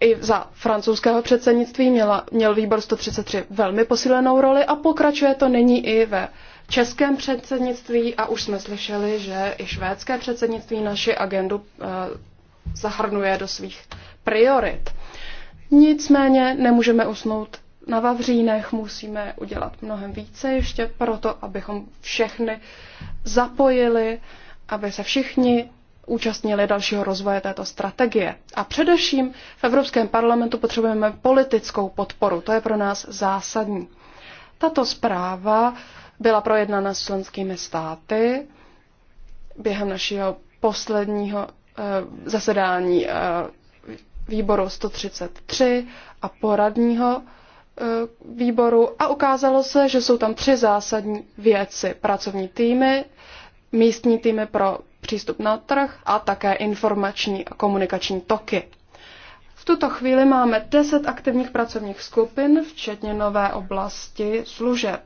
i za francouzského předsednictví měla, měl výbor 133 velmi posílenou roli a pokračuje to nyní i ve českém předsednictví a už jsme slyšeli, že i švédské předsednictví naši agendu eh, zahrnuje do svých priorit. Nicméně nemůžeme usnout na Vavřínech, musíme udělat mnohem více ještě proto, abychom všechny zapojili, aby se všichni účastnili dalšího rozvoje této strategie. A především v Evropském parlamentu potřebujeme politickou podporu. To je pro nás zásadní. Tato zpráva byla projednána s členskými státy během našeho posledního eh, zasedání eh, výboru 133 a poradního eh, výboru a ukázalo se, že jsou tam tři zásadní věci. Pracovní týmy, místní týmy pro přístup na trh a také informační a komunikační toky. V tuto chvíli máme 10 aktivních pracovních skupin, včetně nové oblasti služeb.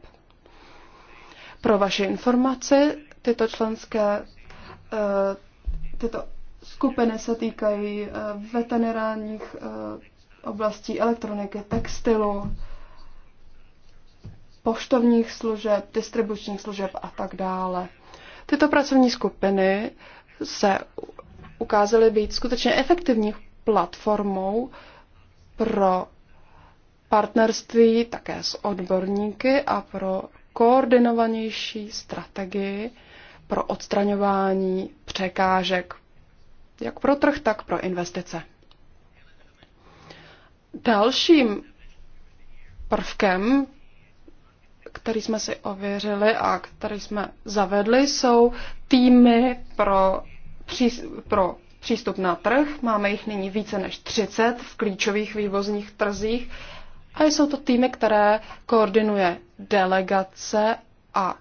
Pro vaše informace, tyto členské, eh, tyto skupiny se týkají eh, veterinárních eh, oblastí elektroniky, textilu, poštovních služeb, distribučních služeb a tak dále. Tyto pracovní skupiny se ukázaly být skutečně efektivní platformou pro partnerství také s odborníky a pro koordinovanější strategii pro odstraňování překážek jak pro trh, tak pro investice. Dalším prvkem, který jsme si ověřili a který jsme zavedli, jsou týmy pro, pří, pro přístup na trh. Máme jich nyní více než 30 v klíčových vývozních trzích a jsou to týmy, které koordinuje delegace a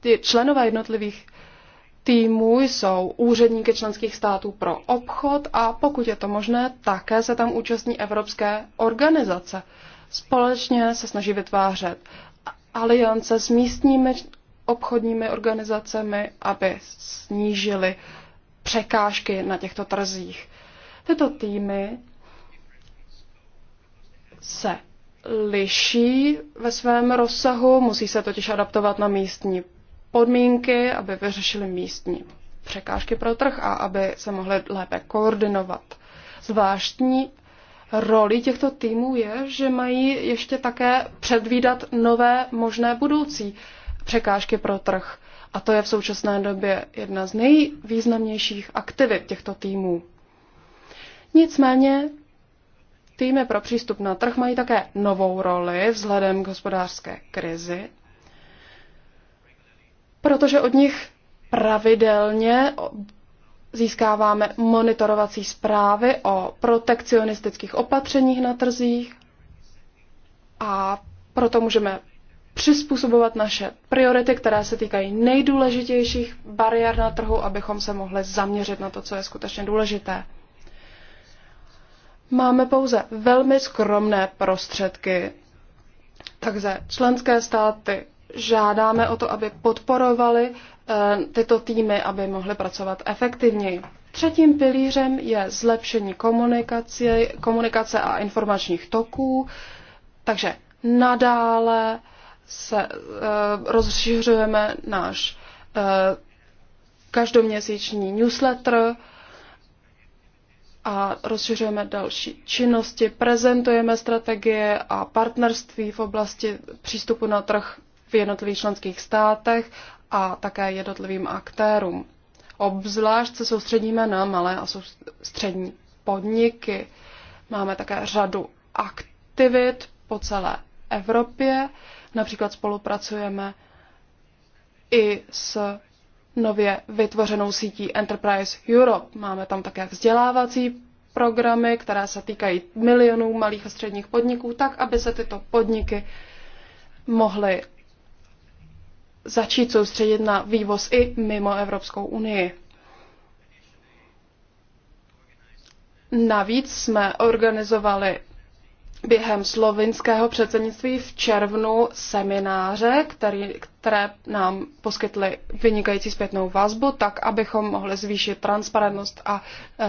ty členové jednotlivých týmů jsou úředníky členských států pro obchod a pokud je to možné, také se tam účastní evropské organizace. Společně se snaží vytvářet aliance s místními obchodními organizacemi, aby snížili překážky na těchto trzích. Tyto týmy se liší ve svém rozsahu, musí se totiž adaptovat na místní podmínky, aby vyřešili místní překážky pro trh a aby se mohly lépe koordinovat. Zvláštní roli těchto týmů je, že mají ještě také předvídat nové možné budoucí překážky pro trh. A to je v současné době jedna z nejvýznamnějších aktivit těchto týmů. Nicméně Týmy pro přístup na trh mají také novou roli vzhledem k hospodářské krizi, protože od nich pravidelně získáváme monitorovací zprávy o protekcionistických opatřeních na trzích a proto můžeme přizpůsobovat naše priority, které se týkají nejdůležitějších bariér na trhu, abychom se mohli zaměřit na to, co je skutečně důležité máme pouze velmi skromné prostředky. Takže členské státy žádáme o to, aby podporovali eh, tyto týmy, aby mohly pracovat efektivněji. Třetím pilířem je zlepšení komunikace, komunikace a informačních toků, takže nadále se eh, rozšiřujeme náš eh, každoměsíční newsletter, a rozšiřujeme další činnosti, prezentujeme strategie a partnerství v oblasti přístupu na trh v jednotlivých členských státech a také jednotlivým aktérům. Obzvlášť se soustředíme na malé a střední podniky. Máme také řadu aktivit po celé Evropě. Například spolupracujeme i s nově vytvořenou sítí Enterprise Europe. Máme tam také vzdělávací programy, které se týkají milionů malých a středních podniků, tak, aby se tyto podniky mohly začít soustředit na vývoz i mimo Evropskou unii. Navíc jsme organizovali během slovinského předsednictví v červnu semináře, který, které nám poskytly vynikající zpětnou vazbu, tak abychom mohli zvýšit transparentnost a eh,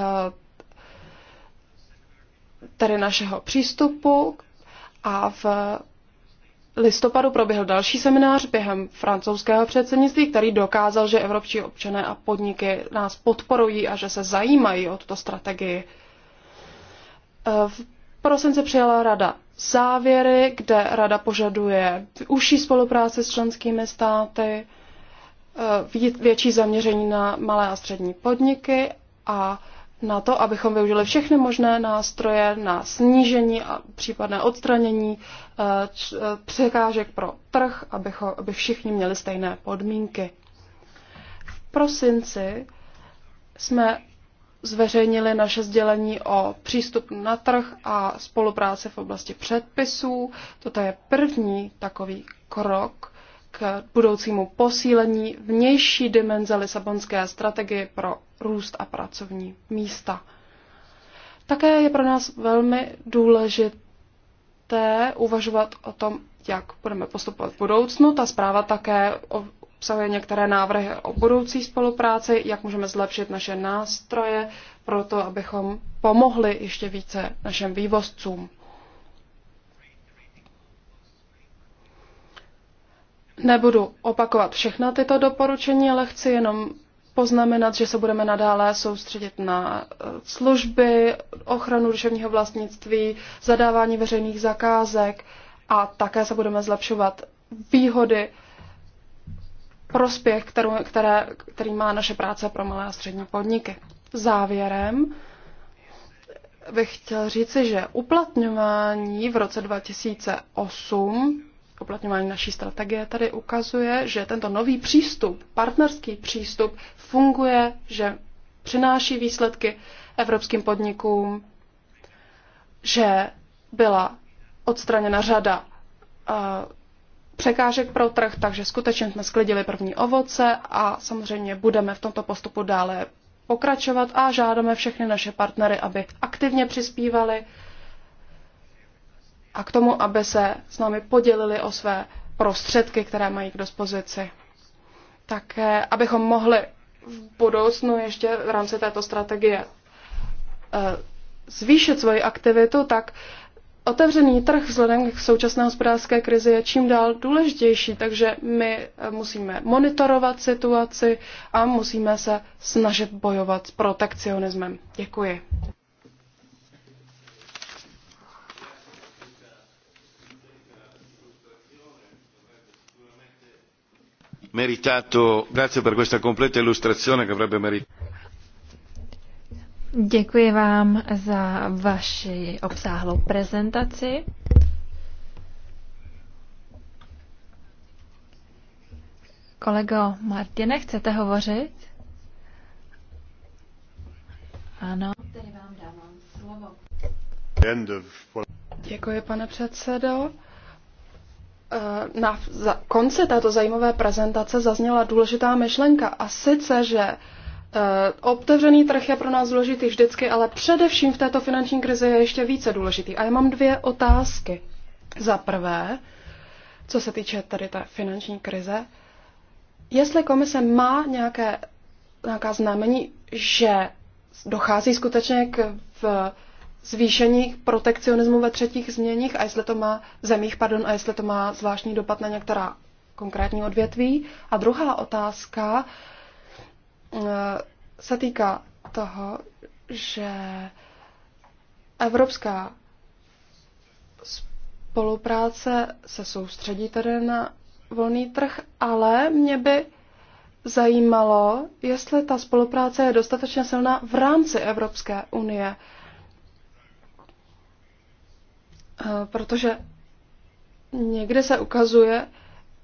tedy našeho přístupu. A v listopadu proběhl další seminář během francouzského předsednictví, který dokázal, že evropští občané a podniky nás podporují a že se zajímají o tuto strategii. Eh, v prosince přijala rada závěry, kde rada požaduje užší spolupráce s členskými státy, e, větší zaměření na malé a střední podniky a na to, abychom využili všechny možné nástroje na snížení a případné odstranění e, e, překážek pro trh, abychom, aby všichni měli stejné podmínky. V prosinci jsme zveřejnili naše sdělení o přístupu na trh a spolupráci v oblasti předpisů. Toto je první takový krok k budoucímu posílení vnější dimenze Lisabonské strategie pro růst a pracovní místa. Také je pro nás velmi důležité uvažovat o tom, jak budeme postupovat v budoucnu. Ta zpráva také obsahuje některé návrhy o budoucí spolupráci, jak můžeme zlepšit naše nástroje pro to, abychom pomohli ještě více našem vývozcům. Nebudu opakovat všechna tyto doporučení, ale chci jenom poznamenat, že se budeme nadále soustředit na eh, služby, ochranu duševního vlastnictví, zadávání veřejných zakázek a také se budeme zlepšovat výhody prospěch, kterou, které, který má naše práce pro malé a střední podniky. Závěrem bych chtěl říci, že uplatňování v roce 2008 uplatňování naší strategie tady ukazuje, že tento nový přístup, partnerský přístup, funguje, že přináší výsledky evropským podnikům, že byla odstraněna řada uh, překážek pro trh, takže skutečně jsme sklidili první ovoce a samozřejmě budeme v tomto postupu dále pokračovat a žádáme všechny naše partnery, aby aktivně přispívali a k tomu, aby se s námi podělili o své prostředky, které mají k dispozici. Tak abychom mohli v budoucnu ještě v rámci této strategie eh, zvýšit svoji aktivitu, tak Otevřený trh vzhledem k současné hospodářské krizi je čím dál důležitější, takže my eh, musíme monitorovat situaci a musíme se snažit bojovat s protekcionismem. Děkuji. Meritato, grazie per questa completa illustrazione che avrebbe meritato. Děkuji vám za vaši obsáhlou prezentaci. Kolego Martine, chcete hovořit? Ano. Děkuji, pane předsedo. Eh, na konci této zajímavé prezentace zazněla důležitá myšlenka a sice, že Eh, otevřený trh je pro nás důležitý vždycky, ale především v této finanční krizi je ještě více důležitý. A já mám dvě otázky. Za prvé, co se týče tady té finanční krize, jestli komise má nějaké, nějaká znamení, že dochází skutečně k v zvýšení protekcionismu ve třetích změních a jestli to má zemích, pardon, a jestli to má zvláštní dopad na některá konkrétní odvětví. A druhá otázka, uh, Eh, se týká toho, že evropská spolupráce se soustředí tedy na volný trh, ale mě by zajímalo, jestli ta spolupráce je dostatečně silná v rámci Evropské unie. Eh, protože někde se ukazuje,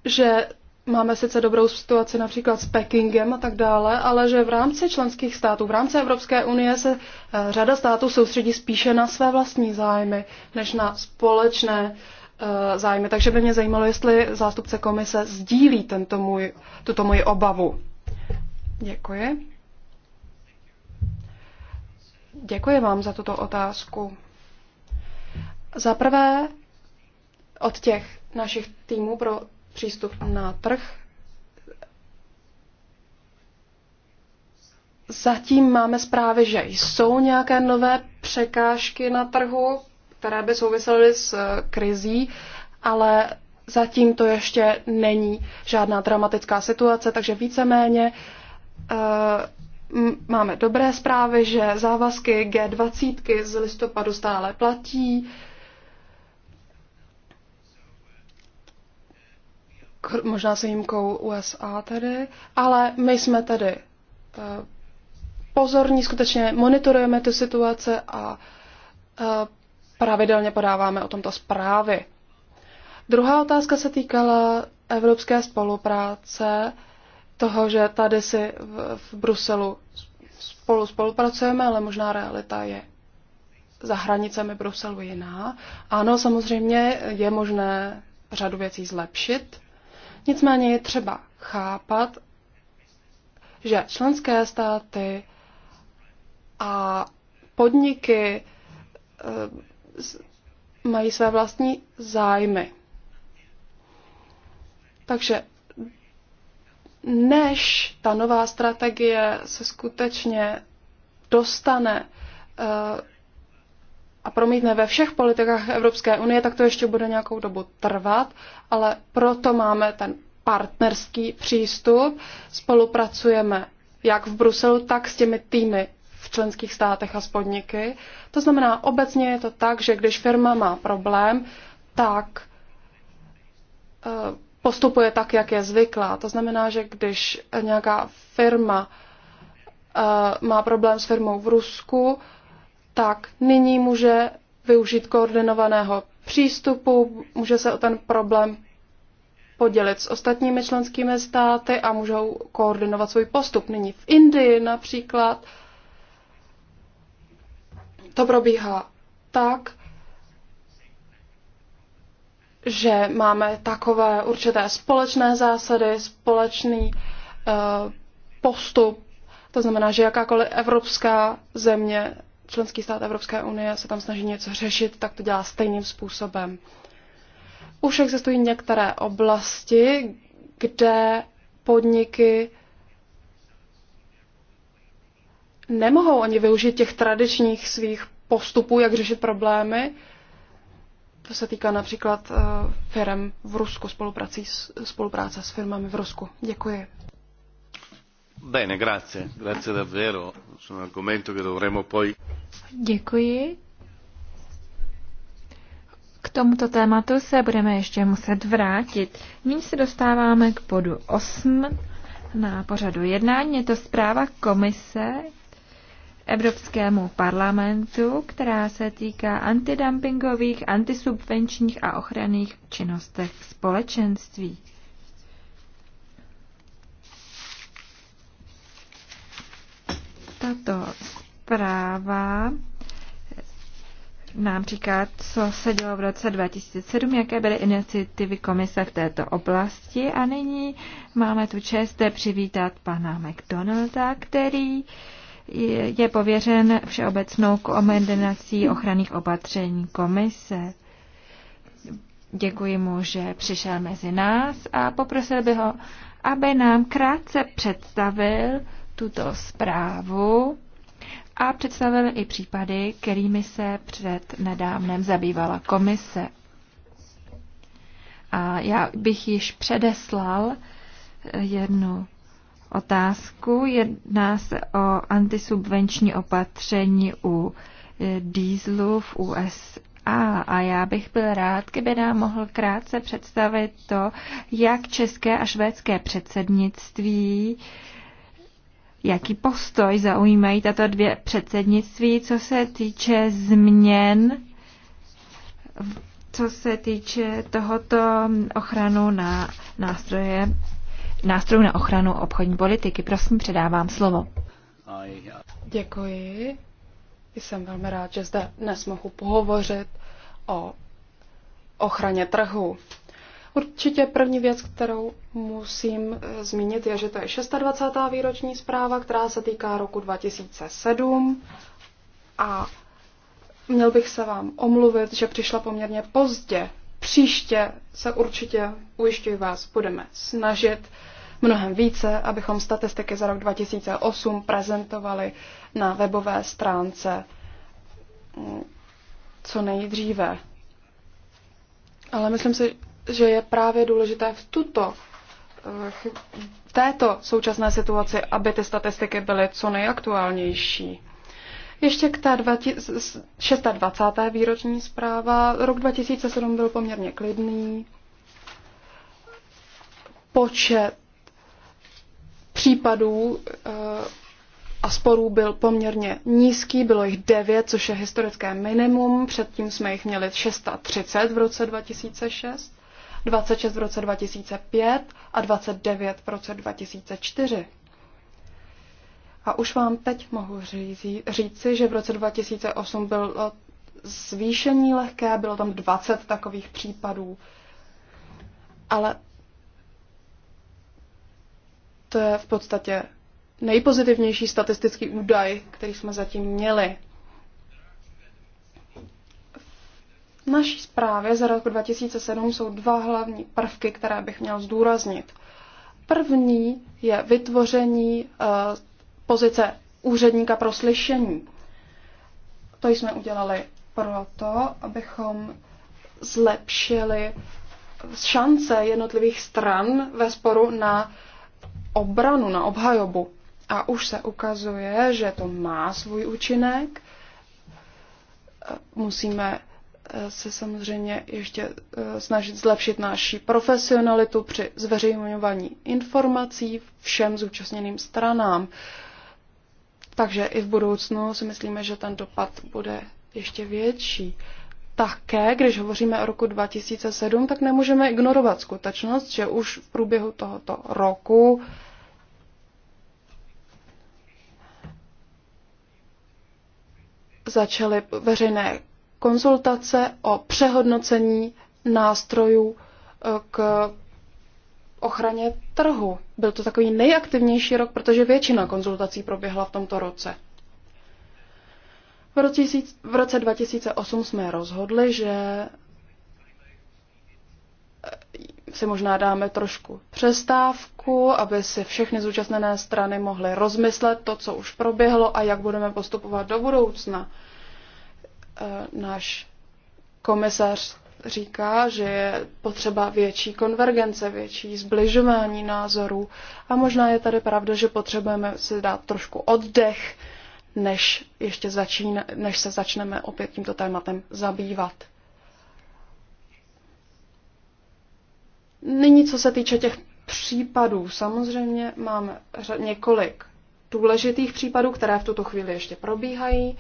že Máme sice dobrou situaci například s Pekingem a tak dále, ale že v rámci členských států, v rámci Evropské unie se eh, řada států soustředí spíše na své vlastní zájmy, než na společné eh, zájmy. Takže by mě zajímalo, jestli zástupce komise sdílí tento můj, tuto moji obavu. Děkuji. Děkuji vám za tuto otázku. Za prvé, od těch našich týmů pro přístup na trh. Zatím máme zprávy, že jsou nějaké nové překážky na trhu, které by souvisely s eh, krizí, ale zatím to ještě není žádná dramatická situace, takže víceméně eh, máme dobré zprávy, že závazky G20 z listopadu stále platí, možná s výjimkou USA tedy, ale my jsme tedy eh, pozorní, skutečně monitorujeme ty situace a eh, pravidelně podáváme o tomto zprávy. Druhá otázka se týkala evropské spolupráce, toho, že tady si v, v Bruselu spolu spolupracujeme, ale možná realita je za hranicemi Bruselu jiná. Ano, samozřejmě je možné řadu věcí zlepšit, Nicméně je třeba chápat, že členské státy a podniky eh, mají své vlastní zájmy. Takže než ta nová strategie se skutečně dostane eh, a promítne ve všech politikách Evropské unie, tak to ještě bude nějakou dobu trvat, ale proto máme ten partnerský přístup. Spolupracujeme jak v Bruselu, tak s těmi týmy v členských státech a spodniky. To znamená, obecně je to tak, že když firma má problém, tak eh, postupuje tak, jak je zvyklá. To znamená, že když nějaká firma eh, má problém s firmou v Rusku, tak nyní může využít koordinovaného přístupu, může se o ten problém podělit s ostatními členskými státy a můžou koordinovat svůj postup. Nyní v Indii například to probíhá tak, že máme takové určité společné zásady, společný eh, postup. To znamená, že jakákoliv evropská země členský stát Evropské unie se tam snaží něco řešit, tak to dělá stejným způsobem. Už existují některé oblasti, kde podniky nemohou ani využít těch tradičních svých postupů, jak řešit problémy. To se týká například eh, firm v Rusku, spolupráce s firmami v Rusku. Děkuji. Děkuji. K tomuto tématu se budeme ještě muset vrátit. Nyní se dostáváme k bodu 8 na pořadu jednání. Je to zpráva komise Evropskému parlamentu, která se týká antidumpingových, antisubvenčních a ochranných činnostech společenství. Tato zpráva nám říká, co se dělo v roce 2007, jaké byly iniciativy komise v této oblasti a nyní máme tu čest přivítat pana McDonalda, který je pověřen všeobecnou koordinací ochranných opatření komise. Děkuji mu, že přišel mezi nás a poprosil bych ho, aby nám krátce představil tuto zprávu a představil i případy, kterými se před nedávnem zabývala komise. A já bych již předeslal eh, jednu otázku. Jedná se o antisubvenční opatření u eh, dýzlu v USA. A, a já bych byl rád, kdyby nám mohl krátce představit to, jak české a švédské předsednictví uh, jaký postoj zaujímají tato dvě předsednictví, co se týče změn, co se týče tohoto ochranu na nástroje, nástrojů na ochranu obchodní politiky. Prosím, předávám slovo. Děkuji. Jsem velmi rád, že zde dnes mohu pohovořit o ochraně trhu Určitě první věc, kterou musím eh, zmínit, je, že to je 26. výroční zpráva, která se týká roku 2007 a měl bych se vám omluvit, že přišla poměrně pozdě. Příště se určitě, ujišťuji vás, budeme snažit mnohem více, abychom statistiky za rok 2008 prezentovali na webové stránce mm, co nejdříve. Ale myslím si, že je právě důležité v tuto eh, v této současné situaci, aby ty statistiky byly co nejaktuálnější. Ještě k té 26. výroční zpráva. Rok 2007 byl poměrně klidný. Počet případů eh, a sporů byl poměrně nízký, bylo jich 9, což je historické minimum, předtím jsme jich měli 630 v roce 2006. 26 v roce 2005 a 29 v roce 2004. A už vám teď mohu říci, říci že v roce 2008 bylo zvýšení lehké, bylo tam 20 takových případů. Ale to je v podstatě nejpozitivnější statistický údaj, který jsme zatím měli. naší zprávě za rok 2007 jsou dva hlavní prvky, které bych měl zdůraznit. První je vytvoření eh, pozice úředníka pro slyšení. To jsme udělali proto, abychom zlepšili šance jednotlivých stran ve sporu na obranu, na obhajobu. A už se ukazuje, že to má svůj účinek. Eh, musíme Eh, se samozřejmě ještě eh, snažit zlepšit naši profesionalitu při zveřejňování informací všem zúčastněným stranám. Takže i v budoucnu si myslíme, že ten dopad bude ještě větší. Také, když hovoříme o roku 2007, tak nemůžeme ignorovat skutečnost, že už v průběhu tohoto roku začaly veřejné konzultace o přehodnocení nástrojů e, k ochraně trhu. Byl to takový nejaktivnější rok, protože většina konzultací proběhla v tomto roce. V roce, 2008 jsme rozhodli, že si možná dáme trošku přestávku, aby si všechny zúčastněné strany mohly rozmyslet to, co už proběhlo a jak budeme postupovat do budoucna. Eh, náš komisař říká, že je potřeba větší konvergence, větší zbližování názorů a možná je tady pravda, že potřebujeme si dát trošku oddech, než, ještě začíne, než se začneme opět tímto tématem zabývat. Nyní, co se týče těch případů, samozřejmě máme několik důležitých případů, které v tuto chvíli ještě probíhají. Uh,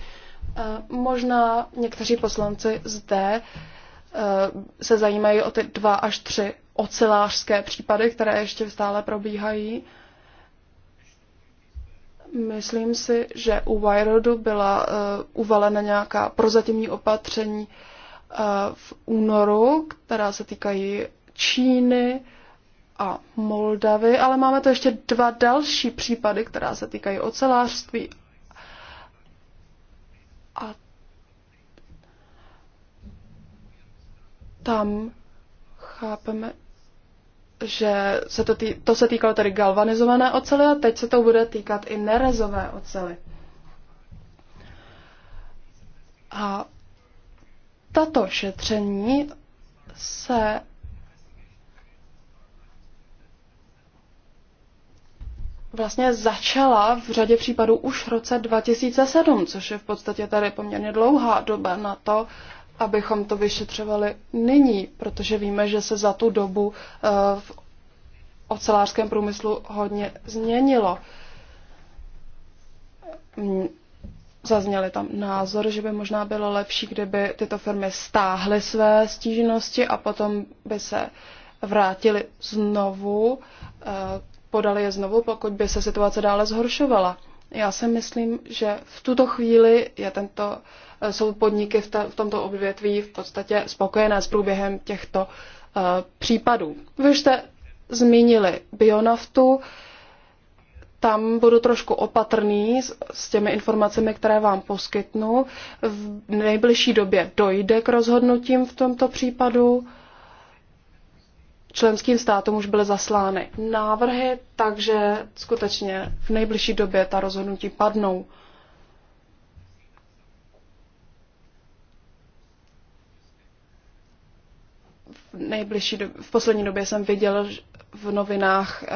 Eh, možná někteří poslanci zde eh, se zajímají o ty dva až tři ocelářské případy, které ještě stále probíhají. Myslím si, že u Wiredu byla uh, uvalena nějaká prozatímní opatření uh, v únoru, která se týkají Číny a Moldavy, ale máme to ještě dva další případy, která se týkají ocelářství a tam chápeme, že se to, tý, to se týkalo tedy galvanizované ocely a teď se to bude týkat i nerezové ocely. A tato šetření se vlastně začala v řadě případů už v roce 2007, což je v podstatě tady poměrně dlouhá doba na to, abychom to vyšetřovali nyní, protože víme, že se za tu dobu eh, v ocelářském průmyslu hodně změnilo. Mm, Zazněli tam názor, že by možná bylo lepší, kdyby tyto firmy stáhly své stížnosti a potom by se vrátili znovu eh, podali je znovu, pokud by se situace dále zhoršovala. Já si myslím, že v tuto chvíli je tento, eh, jsou podniky v, ta, v tomto odvětví v podstatě spokojené s průběhem těchto uh, případů. Vy jste zmínili bionaftu, tam budu trošku opatrný s, s těmi informacemi, které vám poskytnu. V nejbližší době dojde k rozhodnutím v tomto případu. Uh, členským státům už byly zaslány návrhy, takže skutečně v nejbližší době ta rozhodnutí padnou. V, nejbližší době, v poslední době jsem viděl v novinách e,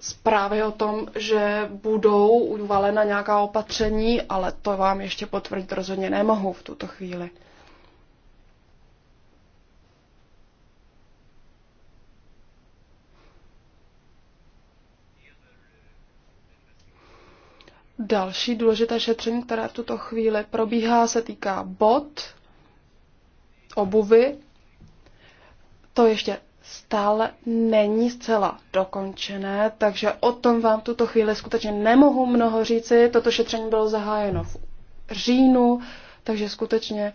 zprávy o tom, že budou uvalena nějaká opatření, ale to vám ještě potvrdit rozhodně nemohu v tuto chvíli. Další důležité šetření, které v tuto chvíli probíhá, se týká bot, obuvy. To ještě stále není zcela dokončené, takže o tom vám v tuto chvíli skutečně nemohu mnoho říci. Toto šetření bylo zahájeno v říjnu, takže skutečně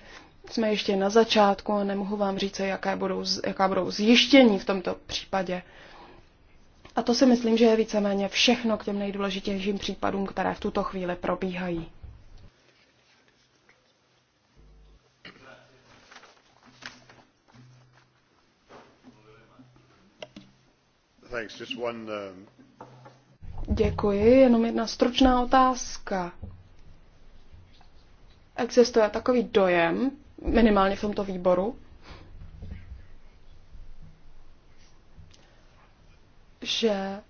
jsme ještě na začátku a nemohu vám říct, jaké budou, jaká budou zjištění v tomto případě. A to si myslím, že je víceméně všechno k těm nejdůležitějším případům, které v tuto chvíli probíhají. Um, Děkuji, jenom jedna stručná otázka. Existuje takový dojem, minimálně v tomto výboru, že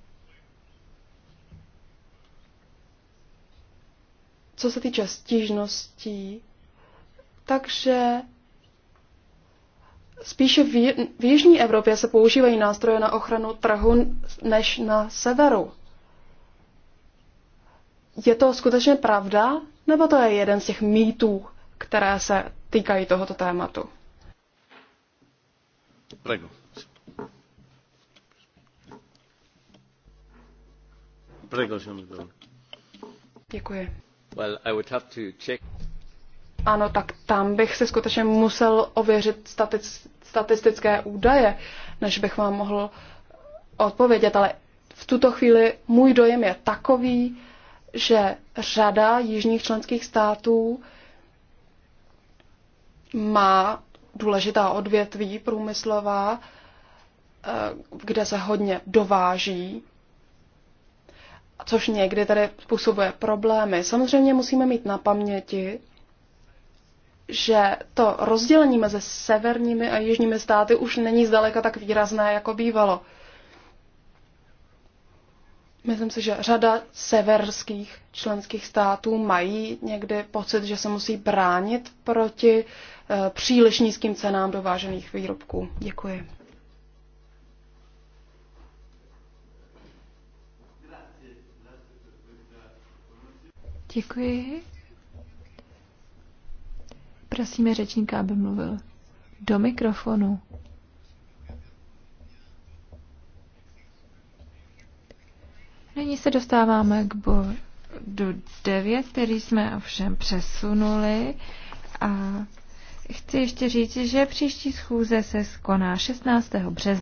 co se týče stížností, takže spíše v jižní Evropě se používají nástroje na ochranu trhu než na severu. Je to skutečně pravda, nebo to je jeden z těch mýtů, které se týkají tohoto tématu? Prego. Děkuji. Well, I would have to check. Ano, tak tam bych si skutečně musel ověřit static, statistické údaje, než bych vám mohl odpovědět, ale v tuto chvíli můj dojem je takový, že řada jižních členských států má důležitá odvětví průmyslová, eh, kde se hodně dováží což někdy tady způsobuje problémy. Samozřejmě musíme mít na paměti, že to rozdělení mezi severními a jižními státy už není zdaleka tak výrazné, jako bývalo. Myslím si, že řada severských členských států mají někdy pocit, že se musí bránit proti eh, příliš nízkým cenám dovážených výrobků. Děkuji. Děkuji. Prosíme řečníka, aby mluvil do mikrofonu. Nyní se dostáváme k bodu 9, který jsme ovšem přesunuli a chci ještě říct, že příští schůze se skoná 16. března.